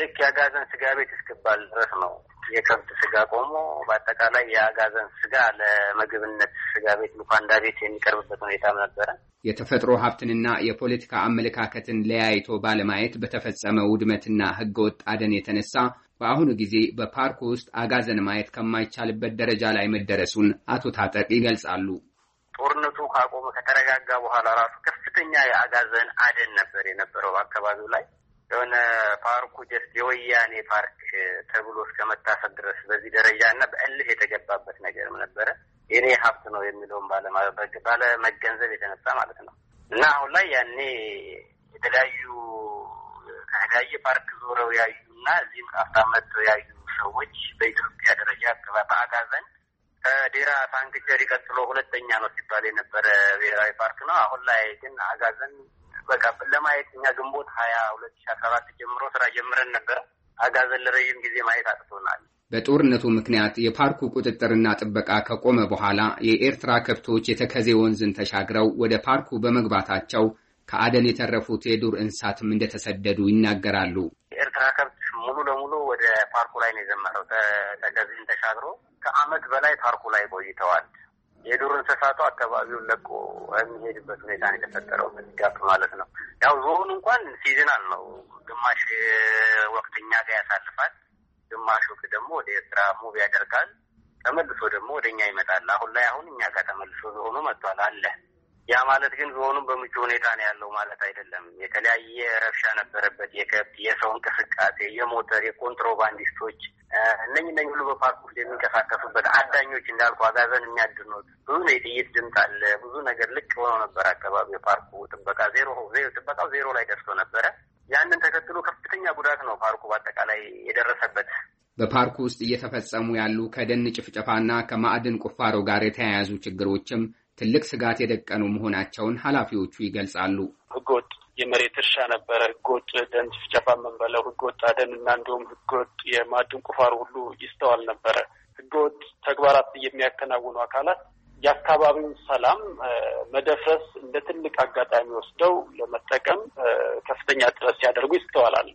ልክ የአጋዘን ስጋ ቤት እስክባል ድረስ ነው የከብት ስጋ ቆሞ በአጠቃላይ የአጋዘን ስጋ ለምግብነት ስጋ ቤት ልኳንዳ ቤት የሚቀርብበት ሁኔታም ነበረ። የተፈጥሮ ሀብትንና የፖለቲካ አመለካከትን ለያይቶ ባለማየት በተፈጸመ ውድመትና ህገወጥ አደን የተነሳ በአሁኑ ጊዜ በፓርኩ ውስጥ አጋዘን ማየት ከማይቻልበት ደረጃ ላይ መደረሱን አቶ ታጠቅ ይገልጻሉ። ጦርነቱ ካቆመ ከተረጋጋ በኋላ ራሱ ከፍተኛ የአጋዘን አደን ነበር የነበረው አካባቢው ላይ የሆነ ፓርኩ ጀስት የወያኔ ፓርክ ተብሎ እስከ መታሰብ ድረስ በዚህ ደረጃ እና በእልህ የተገባበት ነገርም ነበረ። የኔ ሀብት ነው የሚለውን ባለመገንዘብ የተነሳ ማለት ነው እና አሁን ላይ ያኔ የተለያዩ ከተለያየ ፓርክ ዞረው ያዩ እና እዚህም ሀብታም መጥተው ያዩ ሰዎች በኢትዮጵያ ደረጃ በአጋዘን ከዴራ ሳንክቸሪ ቀጥሎ ሁለተኛ ነው ሲባል የነበረ ብሔራዊ ፓርክ ነው። አሁን ላይ ግን አጋዘን በቃ ለማየት እኛ ግንቦት ሀያ ሁለት ሺ አስራ አራት ጀምሮ ስራ ጀምረን ነበር። አጋዘን ለረዥም ጊዜ ማየት አጥቶናል በጦርነቱ ምክንያት የፓርኩ ቁጥጥርና ጥበቃ ከቆመ በኋላ የኤርትራ ከብቶች የተከዜ ወንዝን ተሻግረው ወደ ፓርኩ በመግባታቸው ከአደን የተረፉት የዱር እንስሳትም እንደተሰደዱ ይናገራሉ። የኤርትራ ከብት ሙሉ ለሙሉ ወደ ፓርኩ ላይ ነው የዘመረው ተከዜን ተሻግሮ ከአመት በላይ ፓርኩ ላይ ቆይተዋል። የዱር እንስሳቱ አካባቢውን ለቆ የሚሄድበት ሁኔታ ነው የተፈጠረው ጋፕ ማለት ነው። ያው ዞኑ እንኳን ሲዝናል ነው፣ ግማሽ ወቅት እኛ ጋር ያሳልፋል፣ ግማሽ ወቅት ደግሞ ወደ ኤርትራ ሙቭ ያደርጋል፣ ተመልሶ ደግሞ ወደ እኛ ይመጣል። አሁን ላይ አሁን እኛ ጋር ተመልሶ ዞኑ መጥቷል አለ ያ ማለት ግን ቢሆኑም በምቹ ሁኔታ ነው ያለው ማለት አይደለም። የተለያየ ረብሻ ነበረበት። የከብት የሰው እንቅስቃሴ፣ የሞተር፣ የኮንትሮባንዲስቶች እነኝ እነኝ ሁሉ በፓርክ ውስጥ የሚንቀሳቀሱበት አዳኞች እንዳልኩ አጋዘን የሚያድኑት ብዙ ነው። የጥይት ድምፅ አለ፣ ብዙ ነገር ልቅ ሆኖ ነበር አካባቢ የፓርኩ ጥበቃ ዜሮ ጥበቃው ዜሮ ላይ ደርሶ ነበረ። ያንን ተከትሎ ከፍተኛ ጉዳት ነው ፓርኩ በአጠቃላይ የደረሰበት። በፓርኩ ውስጥ እየተፈጸሙ ያሉ ከደን ጭፍጨፋና ከማዕድን ቁፋሮ ጋር የተያያዙ ችግሮችም ትልቅ ስጋት የደቀኑ መሆናቸውን ኃላፊዎቹ ይገልጻሉ። ህገወጥ የመሬት እርሻ ነበረ፣ ህገወጥ ደን ጭፍጨፋ የምንበለው ህገወጥ አደን እና እንዲሁም ህገወጥ የማዕድን ቁፋሮ ሁሉ ይስተዋል ነበረ። ህገወጥ ተግባራት የሚያከናውኑ አካላት የአካባቢውን ሰላም መደፍረስ እንደ ትልቅ አጋጣሚ ወስደው ለመጠቀም ከፍተኛ ጥረት ሲያደርጉ ይስተዋላል።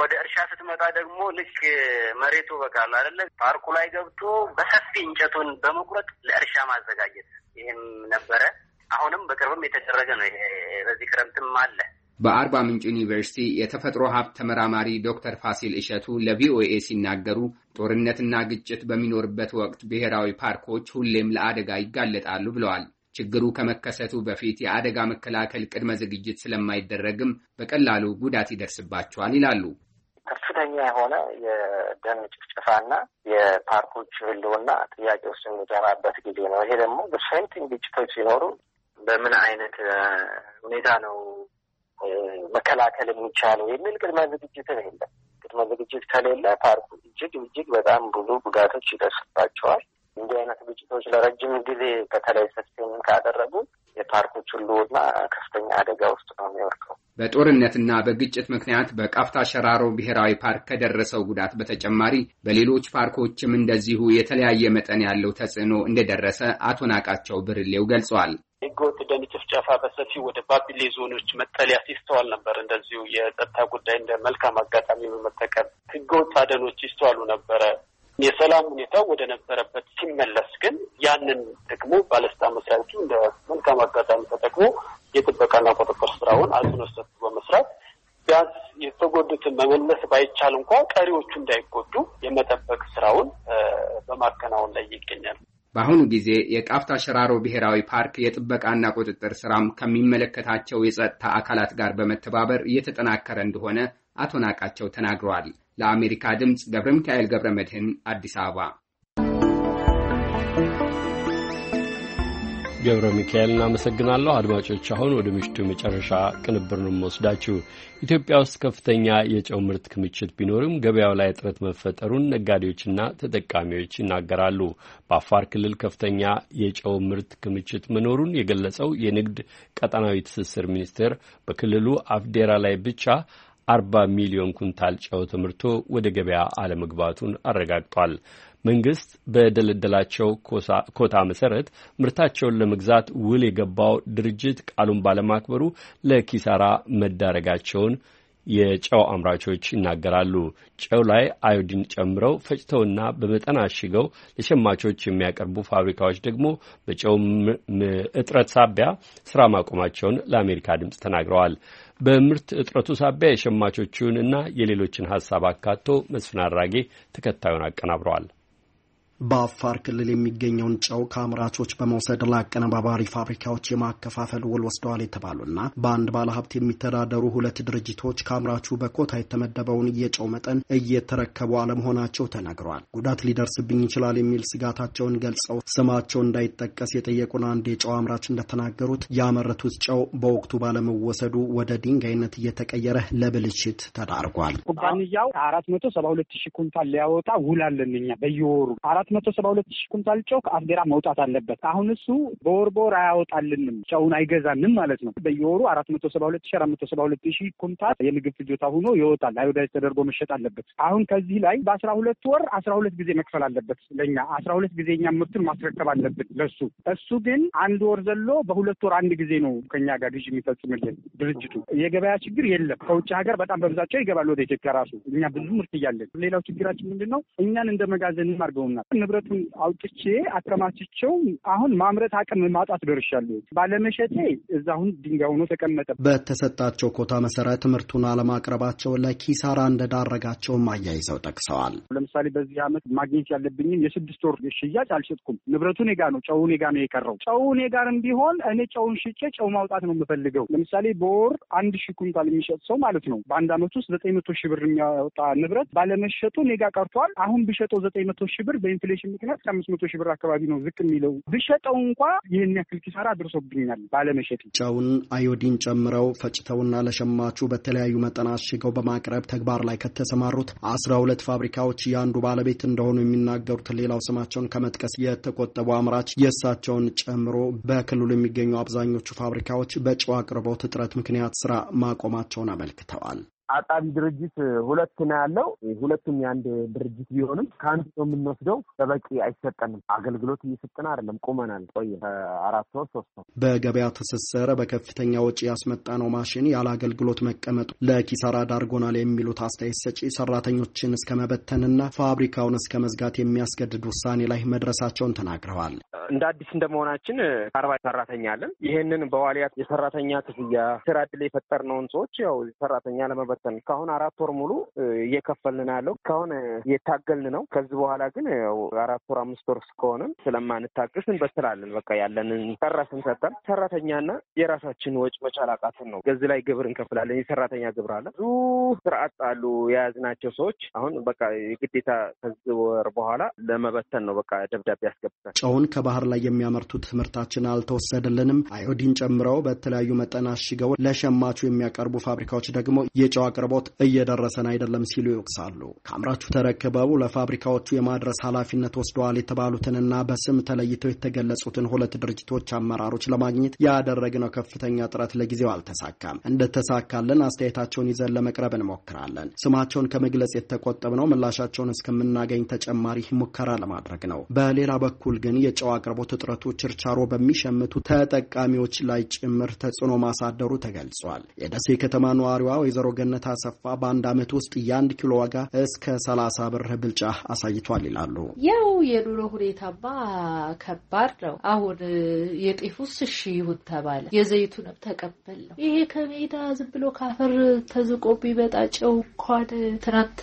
ወደ እርሻ ስትመጣ ደግሞ ልክ መሬቱ በቃል አይደለ ፓርኩ ላይ ገብቶ በሰፊ እንጨቱን በመቁረጥ ለእርሻ ማዘጋጀት ይህም ነበረ። አሁንም በቅርብም የተደረገ ነው። በዚህ ክረምትም አለ። በአርባ ምንጭ ዩኒቨርሲቲ የተፈጥሮ ሀብት ተመራማሪ ዶክተር ፋሲል እሸቱ ለቪኦኤ ሲናገሩ ጦርነትና ግጭት በሚኖርበት ወቅት ብሔራዊ ፓርኮች ሁሌም ለአደጋ ይጋለጣሉ ብለዋል። ችግሩ ከመከሰቱ በፊት የአደጋ መከላከል ቅድመ ዝግጅት ስለማይደረግም በቀላሉ ጉዳት ይደርስባቸዋል ይላሉ። ከፍተኛ የሆነ የደን ጭፍጨፋና የፓርኮች ህልውና ጥያቄ ውስጥ የሚገባበት ጊዜ ነው። ይሄ ደግሞ በሰንቲም ግጭቶች ሲኖሩ በምን አይነት ሁኔታ ነው መከላከል የሚቻለው የሚል ቅድመ ዝግጅት የለም። ቅድመ ዝግጅት ከሌለ ፓርኩ እጅግ እጅግ በጣም ብዙ ጉዳቶች ይደርስባቸዋል። እንዲህ አይነት ግጭቶች ለረጅም ጊዜ በተለይ ሰስቴን ካደረጉ የፓርኮች ሁሉና ከፍተኛ አደጋ ውስጥ ነው የሚወድቀው። በጦርነትና በግጭት ምክንያት በቃፍታ ሸራሮ ብሔራዊ ፓርክ ከደረሰው ጉዳት በተጨማሪ በሌሎች ፓርኮችም እንደዚሁ የተለያየ መጠን ያለው ተጽዕኖ እንደደረሰ አቶ ናቃቸው ብርሌው ገልጸዋል። ህገወጥ ደን ጭፍጨፋ በሰፊው ወደ ባቢሌ ዞኖች መጠለያ ሲስተዋል ነበር። እንደዚሁ የጸጥታ ጉዳይ እንደ መልካም አጋጣሚ በመጠቀም ህገወጥ አደኖች ይስተዋሉ ነበረ። የሰላም ሁኔታ ወደ ነበረበት ሲመለስ ግን ያንን ደግሞ ባለስልጣን መስሪያ ቤቱ እንደ መልካም አጋጣሚ ተጠቅሞ የጥበቃና ቁጥጥር ስራውን አዝኖ ሰጥቶ በመስራት ቢያንስ የተጎዱትን መመለስ ባይቻል እንኳ ቀሪዎቹ እንዳይጎዱ የመጠበቅ ስራውን በማከናወን ላይ ይገኛል። በአሁኑ ጊዜ የቃፍታ ሸራሮ ብሔራዊ ፓርክ የጥበቃና ቁጥጥር ስራም ከሚመለከታቸው የጸጥታ አካላት ጋር በመተባበር እየተጠናከረ እንደሆነ አቶ ናቃቸው ተናግረዋል። ለአሜሪካ ድምፅ ገብረ ሚካኤል ገብረ መድህን አዲስ አበባ። ገብረ ሚካኤል እናመሰግናለሁ። አድማጮች አሁን ወደ ምሽቱ መጨረሻ ቅንብር ነው የምወስዳችሁ። ኢትዮጵያ ውስጥ ከፍተኛ የጨው ምርት ክምችት ቢኖርም ገበያው ላይ እጥረት መፈጠሩን ነጋዴዎችና ተጠቃሚዎች ይናገራሉ። በአፋር ክልል ከፍተኛ የጨው ምርት ክምችት መኖሩን የገለጸው የንግድ ቀጠናዊ ትስስር ሚኒስቴር በክልሉ አፍዴራ ላይ ብቻ አርባ ሚሊዮን ኩንታል ጨው ተምርቶ ወደ ገበያ አለመግባቱን አረጋግጧል። መንግስት በደለደላቸው ኮታ መሰረት ምርታቸውን ለመግዛት ውል የገባው ድርጅት ቃሉን ባለማክበሩ ለኪሳራ መዳረጋቸውን የጨው አምራቾች ይናገራሉ። ጨው ላይ አዮዲን ጨምረው ፈጭተውና በመጠን አሽገው ለሸማቾች የሚያቀርቡ ፋብሪካዎች ደግሞ በጨው እጥረት ሳቢያ ስራ ማቆማቸውን ለአሜሪካ ድምፅ ተናግረዋል። በምርት እጥረቱ ሳቢያ የሸማቾቹንና የሌሎችን ሀሳብ አካቶ መስፍን አድራጌ ተከታዩን አቀናብረዋል። በአፋር ክልል የሚገኘውን ጨው ከአምራቾች በመውሰድ ለአቀነባባሪ ፋብሪካዎች የማከፋፈል ውል ወስደዋል የተባሉና በአንድ ባለሀብት የሚተዳደሩ ሁለት ድርጅቶች ከአምራቹ በኮታ የተመደበውን የጨው መጠን እየተረከቡ አለመሆናቸው ተነግሯል። ጉዳት ሊደርስብኝ ይችላል የሚል ስጋታቸውን ገልጸው ስማቸው እንዳይጠቀስ የጠየቁን አንድ የጨው አምራች እንደተናገሩት ያመረቱት ጨው በወቅቱ ባለመወሰዱ ወደ ድንጋይነት እየተቀየረ ለብልሽት ተዳርጓል። ኩባንያው አራት መቶ ሰባ ሁለት ሺህ ኩንታል ሊያወጣ ውላለን እኛ በየወሩ አራት መቶ ሰባ ሁለት ሺህ ኩንታል ጨው ከአፍዴራ መውጣት አለበት። አሁን እሱ በወር በወር አያወጣልንም፣ ጨውን አይገዛንም ማለት ነው። በየወሩ አራት መቶ ሰባ ሁለት ሺህ አራት መቶ ሰባ ሁለት ሺህ ኩንታል የምግብ ፍጆታ ሆኖ ይወጣል። አዮዳይዝ ተደርጎ መሸጥ አለበት። አሁን ከዚህ ላይ በአስራ ሁለት ወር አስራ ሁለት ጊዜ መክፈል አለበት ለእኛ አስራ ሁለት ጊዜ እኛ ምርቱን ማስረከብ አለብን ለሱ። እሱ ግን አንድ ወር ዘሎ በሁለት ወር አንድ ጊዜ ነው ከኛ ጋር ግዥ የሚፈጽምልን ድርጅቱ። የገበያ ችግር የለም። ከውጭ ሀገር በጣም በብዛቸው ይገባሉ ወደ ኢትዮጵያ ራሱ እኛ ብዙ ምርት እያለን። ሌላው ችግራችን ምንድን ነው? እኛን እንደ መጋዘን አድርገውናል። ንብረቱን አውጥቼ አከማችቸው አሁን ማምረት አቅም ማጣት ደርሻለሁ። ባለመሸጤ እዛ አሁን ድንጋይ ሆኖ ተቀመጠ። በተሰጣቸው ኮታ መሰረት ምርቱን አለማቅረባቸው ለኪሳራ እንደዳረጋቸውም አያይዘው ጠቅሰዋል። ለምሳሌ በዚህ ዓመት ማግኘት ያለብኝም የስድስት ወር ሽያጭ አልሸጥኩም። ንብረቱ ኔጋ ነው፣ ጨው ኔጋ ነው የቀረው። ጨው ኔጋር ቢሆን እኔ ጨውን ሽጬ ጨው ማውጣት ነው የምፈልገው። ለምሳሌ በወር አንድ ሺ ኩንታል የሚሸጥ ሰው ማለት ነው። በአንድ ዓመት ውስጥ ዘጠኝ መቶ ሺህ ብር የሚያወጣ ንብረት ባለመሸጡ ኔጋ ቀርቷል። አሁን ብሸጠው ዘጠኝ መቶ ሺህ ብር በኢንፍ በኢንፍሌሽን ምክንያት ከአምስት መቶ ሺህ ብር አካባቢ ነው ዝቅ የሚለው። ብሸጠው እንኳ ይህን ያክል ኪሳራ አድርሶብኛል ባለመሸጥ። ጨውን አዮዲን ጨምረው ፈጭተውና ለሸማቹ በተለያዩ መጠን አሽገው በማቅረብ ተግባር ላይ ከተሰማሩት አስራ ሁለት ፋብሪካዎች የአንዱ ባለቤት እንደሆኑ የሚናገሩት ሌላው ስማቸውን ከመጥቀስ የተቆጠቡ አምራች የእሳቸውን ጨምሮ በክልሉ የሚገኙ አብዛኞቹ ፋብሪካዎች በጨው አቅርቦት እጥረት ምክንያት ስራ ማቆማቸውን አመልክተዋል። አጣቢ ድርጅት ሁለት ነው ያለው። ሁለቱም የአንድ ድርጅት ቢሆንም ከአንዱ ነው የምንወስደው። በበቂ አይሰጠንም። አገልግሎት እየሰጠን አይደለም። ቁመናል ቆየ አራት ሰው ሶስት ሰው በገበያ ተሰሰረ። በከፍተኛ ወጪ ያስመጣ ነው ማሽን ያለ አገልግሎት መቀመጡ ለኪሳራ ዳርጎናል የሚሉት አስተያየት ሰጪ ሰራተኞችን እስከ መበተንና ፋብሪካውን እስከ መዝጋት የሚያስገድድ ውሳኔ ላይ መድረሳቸውን ተናግረዋል። እንደ አዲስ እንደመሆናችን አርባ ሰራተኛ አለን። ይህንን በዋልያት የሰራተኛ ክፍያ ስራ እድል የፈጠርነውን ሰዎች ያው ሰራተኛ ለመበ እየከፈልን ከአሁን አራት ወር ሙሉ እየከፈልን ያለው ከአሁን እየታገልን ነው። ከዚህ በኋላ ግን አራት ወር አምስት ወር እስከሆንን ስለማንታገስ እንበትላለን። በቃ ያለንን ሰራስን ሰጠን ሰራተኛና የራሳችን ወጭ መቻል አቃተን ነው። ከዚህ ላይ ግብር እንከፍላለን። የሰራተኛ ግብር አለ። ብዙ ስርዓት ጣሉ የያዝናቸው ሰዎች አሁን በቃ የግዴታ ከዚህ ወር በኋላ ለመበተን ነው። በቃ ደብዳቤ ያስገብታል። ጨውን ከባህር ላይ የሚያመርቱት ምርታችን አልተወሰደልንም። አዮዲን ጨምረው በተለያዩ መጠን አሽገው ለሸማቹ የሚያቀርቡ ፋብሪካዎች ደግሞ የጨው አቅርቦት እየደረሰን አይደለም ሲሉ ይወቅሳሉ። ከአምራቹ ተረክበው ለፋብሪካዎቹ የማድረስ ኃላፊነት ወስደዋል የተባሉትንና በስም ተለይተው የተገለጹትን ሁለት ድርጅቶች አመራሮች ለማግኘት ያደረግነው ከፍተኛ ጥረት ለጊዜው አልተሳካም። እንደተሳካልን አስተያየታቸውን ይዘን ለመቅረብ እንሞክራለን። ስማቸውን ከመግለጽ የተቆጠብነው ምላሻቸውን እስከምናገኝ ተጨማሪ ሙከራ ለማድረግ ነው። በሌላ በኩል ግን የጨው አቅርቦት እጥረቱ ችርቻሮ በሚሸምቱ ተጠቃሚዎች ላይ ጭምር ተጽዕኖ ማሳደሩ ተገልጿል። የደሴ ከተማ ነዋሪዋ ወይዘሮ ገነት ምህረት አሰፋ በአንድ ዓመት ውስጥ የአንድ ኪሎ ዋጋ እስከ ሰላሳ ብር ብልጫ አሳይቷል ይላሉ። ያው የኑሮ ሁኔታማ ከባድ ነው። አሁን የጤፉስ እሺ ይሁን ተባለ፣ የዘይቱንም ተቀበል ነው። ይሄ ከሜዳ ዝም ብሎ ካፈር ተዝቆ ቢመጣ ጨው እንኳን ትናንት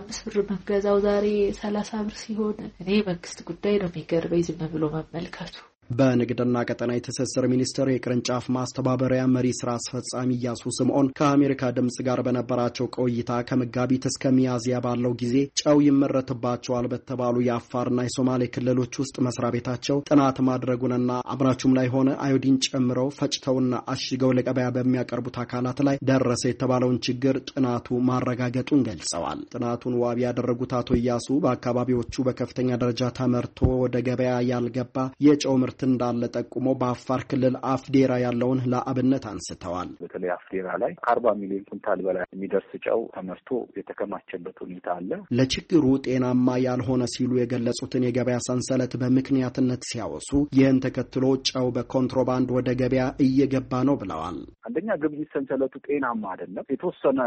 አምስት ብር መገዛው ዛሬ ሰላሳ ብር ሲሆን እኔ መንግስት ጉዳይ ነው የሚገርመኝ ዝም ብሎ መመልከቱ በንግድና ቀጠናዊ ትስስር ሚኒስቴር የቅርንጫፍ ማስተባበሪያ መሪ ስራ አስፈጻሚ እያሱ ስምዖን ከአሜሪካ ድምፅ ጋር በነበራቸው ቆይታ ከመጋቢት እስከ ሚያዝያ ባለው ጊዜ ጨው ይመረትባቸዋል በተባሉ የአፋርና የሶማሌ ክልሎች ውስጥ መስሪያ ቤታቸው ጥናት ማድረጉንና አምራቹም ላይ ሆነ አዮዲን ጨምረው ፈጭተውና አሽገው ለገበያ በሚያቀርቡት አካላት ላይ ደረሰ የተባለውን ችግር ጥናቱ ማረጋገጡን ገልጸዋል። ጥናቱን ዋቢ ያደረጉት አቶ እያሱ በአካባቢዎቹ በከፍተኛ ደረጃ ተመርቶ ወደ ገበያ ያልገባ የጨው ምርት ትምህርት እንዳለ ጠቁሞ በአፋር ክልል አፍዴራ ያለውን ለአብነት አንስተዋል። በተለይ አፍዴራ ላይ ከአርባ ሚሊዮን ኩንታል በላይ የሚደርስ ጨው ተመርቶ የተከማቸበት ሁኔታ አለ። ለችግሩ ጤናማ ያልሆነ ሲሉ የገለጹትን የገበያ ሰንሰለት በምክንያትነት ሲያወሱ ይህን ተከትሎ ጨው በኮንትሮባንድ ወደ ገበያ እየገባ ነው ብለዋል። አንደኛ ግብይት ሰንሰለቱ ጤናማ አይደለም። የተወሰነ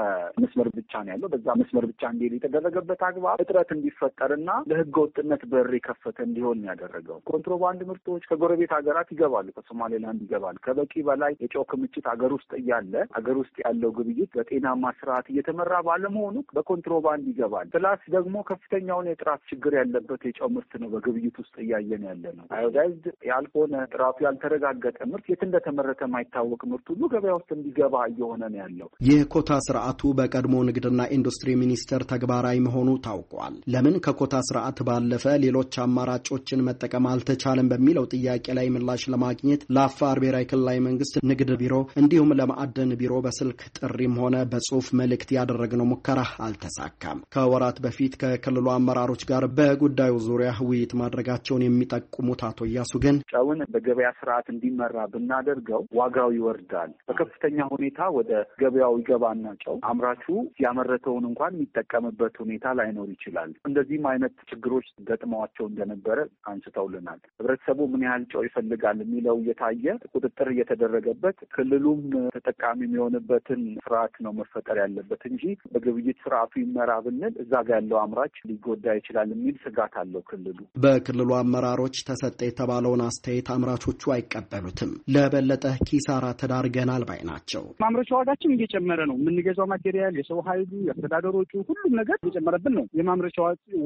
መስመር ብቻ ነው ያለው። በዛ መስመር ብቻ እንዲሄድ የተደረገበት አግባብ እጥረት እንዲፈጠርና ለህገ ወጥነት በር የከፈተ እንዲሆን ያደረገው ኮንትሮባንድ ምርቶች ከጎረቤት ሀገራት ይገባሉ፣ ከሶማሌላንድ ይገባል። ከበቂ በላይ የጨው ክምችት ሀገር ውስጥ እያለ ሀገር ውስጥ ያለው ግብይት በጤናማ ስርዓት እየተመራ ባለመሆኑ በኮንትሮባንድ ይገባል። ፕላስ ደግሞ ከፍተኛውን የጥራት ችግር ያለበት የጨው ምርት ነው በግብይት ውስጥ እያየን ያለ ነው። አዮዳይዝድ ያልሆነ ጥራቱ ያልተረጋገጠ ምርት የት እንደተመረተ የማይታወቅ ምርት ሁሉ ገበያ ውስጥ እንዲገባ እየሆነ ነው ያለው። የኮታ ስርዓቱ በቀድሞ ንግድና ኢንዱስትሪ ሚኒስቴር ተግባራዊ መሆኑ ታውቋል። ለምን ከኮታ ስርዓት ባለፈ ሌሎች አማራጮችን መጠቀም አልተቻለም በሚለው ጥያቄ ጥያቄ ላይ ምላሽ ለማግኘት ለአፋር ብሔራዊ ክልላዊ መንግስት ንግድ ቢሮ እንዲሁም ለማዕደን ቢሮ በስልክ ጥሪም ሆነ በጽሁፍ መልእክት ያደረግነው ሙከራ አልተሳካም። ከወራት በፊት ከክልሉ አመራሮች ጋር በጉዳዩ ዙሪያ ውይይት ማድረጋቸውን የሚጠቁሙት አቶ እያሱ ግን ጨውን በገበያ ስርዓት እንዲመራ ብናደርገው ዋጋው ይወርዳል። በከፍተኛ ሁኔታ ወደ ገበያው ይገባና ጨው አምራቹ ያመረተውን እንኳን የሚጠቀምበት ሁኔታ ላይኖር ይችላል። እንደዚህም አይነት ችግሮች ገጥመዋቸው እንደነበረ አንስተውልናል። ህብረተሰቡ ምን ያህል ያንጨው ይፈልጋል የሚለው እየታየ ቁጥጥር እየተደረገበት ክልሉም ተጠቃሚ የሚሆንበትን ስርዓት ነው መፈጠር ያለበት እንጂ በግብይት ስርዓቱ ይመራ ብንል እዛ ጋ ያለው አምራች ሊጎዳ ይችላል የሚል ስጋት አለው ክልሉ። በክልሉ አመራሮች ተሰጠ የተባለውን አስተያየት አምራቾቹ አይቀበሉትም። ለበለጠ ኪሳራ ተዳርገናል ባይ ናቸው። ማምረቻ ዋጋችን እየጨመረ ነው። የምንገዛው ማቴሪያል፣ የሰው ኃይሉ፣ የአስተዳደሮቹ ሁሉም ነገር እየጨመረብን ነው። የማምረቻ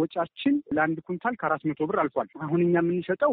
ወጫችን ለአንድ ኩንታል ከአራት መቶ ብር አልፏል። አሁን እኛ የምንሸጠው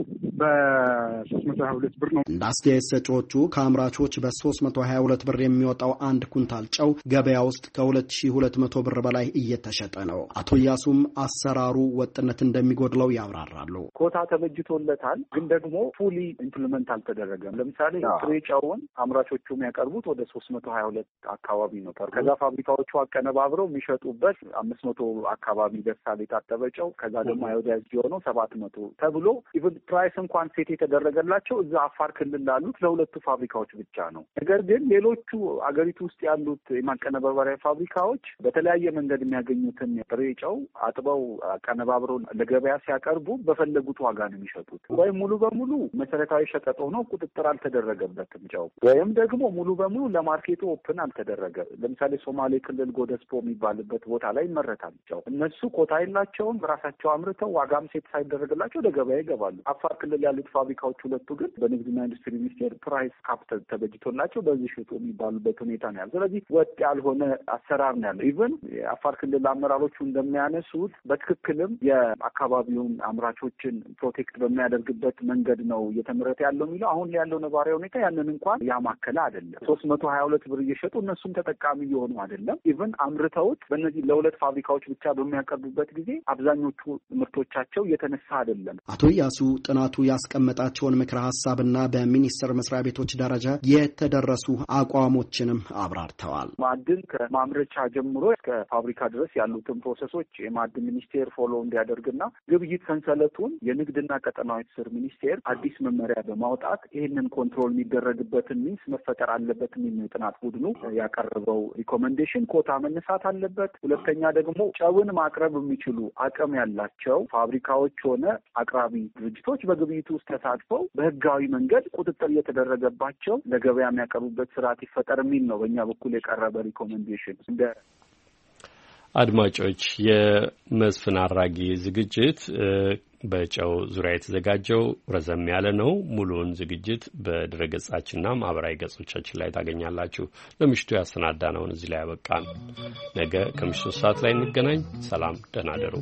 ሶስት መቶ ሀያ ሁለት ብር ነው። እንደ አስተያየት ሰጪዎቹ ከአምራቾች በሶስት መቶ ሀያ ሁለት ብር የሚወጣው አንድ ኩንታል ጨው ገበያ ውስጥ ከሁለት ሺ ሁለት መቶ ብር በላይ እየተሸጠ ነው። አቶ እያሱም አሰራሩ ወጥነት እንደሚጎድለው ያብራራሉ። ኮታ ተበጅቶለታል፣ ግን ደግሞ ፉሊ ኢምፕሊመንት አልተደረገም። ለምሳሌ ጥሬ ጨውን አምራቾቹ የሚያቀርቡት ወደ ሶስት መቶ ሀያ ሁለት አካባቢ ነው። ከዛ ፋብሪካዎቹ አቀነባብረው የሚሸጡበት አምስት መቶ አካባቢ ደሳል የታጠበ ጨው ከዛ ደግሞ አዮዳይዝድ የሆነው ሰባት መቶ ተብሎ ኢቨን ፕራይስ እንኳን ሴት የተደረገላቸው እዛ አፋር ክልል ላሉት ለሁለቱ ፋብሪካዎች ብቻ ነው። ነገር ግን ሌሎቹ አገሪቱ ውስጥ ያሉት የማቀነባበሪያ ፋብሪካዎች በተለያየ መንገድ የሚያገኙትን ጥሬ ጨው አጥበው አቀነባብረው ለገበያ ሲያቀርቡ በፈለጉት ዋጋ ነው የሚሸጡት። ወይም ሙሉ በሙሉ መሰረታዊ ሸቀጥ ሆኖ ቁጥጥር አልተደረገበትም ጨው ወይም ደግሞ ሙሉ በሙሉ ለማርኬቱ ኦፕን አልተደረገ ለምሳሌ ሶማሌ ክልል ጎደስፖ የሚባልበት ቦታ ላይ ይመረታል ጨው። እነሱ ኮታ የላቸውም፣ ራሳቸው አምርተው ዋጋም ሴት ሳይደረግላቸው ገበያ ይገባሉ። አፋር ክልል ያሉት ፋብሪካዎች ሁለቱ ግን በንግድና ኢንዱስትሪ ሚኒስቴር ፕራይስ ካፕ ተበጅቶላቸው በዚህ ሽጡ የሚባሉበት ሁኔታ ነው ያለ። ስለዚህ ወጥ ያልሆነ አሰራር ነው ያለው። ኢቨን የአፋር ክልል አመራሮቹ እንደሚያነሱት በትክክልም የአካባቢውን አምራቾችን ፕሮቴክት በሚያደርግበት መንገድ ነው እየተመረተ ያለው የሚለው አሁን ያለው ነባራዊ ሁኔታ ያንን እንኳን ያማከለ አይደለም። ሶስት መቶ ሀያ ሁለት ብር እየሸጡ እነሱም ተጠቃሚ እየሆኑ አይደለም። ኢቨን አምርተውት በእነዚህ ለሁለት ፋብሪካዎች ብቻ በሚያቀርቡበት ጊዜ አብዛኞቹ ምርቶቻቸው እየተነሳ አይደለም። አቶ ያሱ ጥናቱ ያስቀመጠ የሚሰጣቸውን ምክረ ሀሳብና በሚኒስቴር መስሪያ ቤቶች ደረጃ የተደረሱ አቋሞችንም አብራርተዋል። ማዕድን ከማምረቻ ጀምሮ እስከ ፋብሪካ ድረስ ያሉትን ፕሮሰሶች የማዕድን ሚኒስቴር ፎሎ እንዲያደርግና ግብይት ሰንሰለቱን የንግድና ቀጠናዊ ትስስር ሚኒስቴር አዲስ መመሪያ በማውጣት ይህንን ኮንትሮል የሚደረግበትን ሚንስ መፈጠር አለበት የሚል ጥናት ቡድኑ ያቀረበው ሪኮመንዴሽን ኮታ መነሳት አለበት። ሁለተኛ ደግሞ ጨውን ማቅረብ የሚችሉ አቅም ያላቸው ፋብሪካዎች ሆነ አቅራቢ ድርጅቶች በግብይቱ ውስጥ ተሳትፈው በህጋዊ መንገድ ቁጥጥር እየተደረገባቸው ለገበያ የሚያቀርቡበት ስርዓት ይፈጠር የሚል ነው በእኛ በኩል የቀረበ ሪኮመንዴሽን እንደ አድማጮች የመስፍን አራጊ ዝግጅት በጨው ዙሪያ የተዘጋጀው ረዘም ያለ ነው። ሙሉውን ዝግጅት በድረገጻችንና ማህበራዊ ገጾቻችን ላይ ታገኛላችሁ። ለምሽቱ ነውን እዚህ ላይ ያበቃን። ነገ ከምሽቱ ሰዓት ላይ እንገናኝ። ሰላም፣ ደህና ደሩ።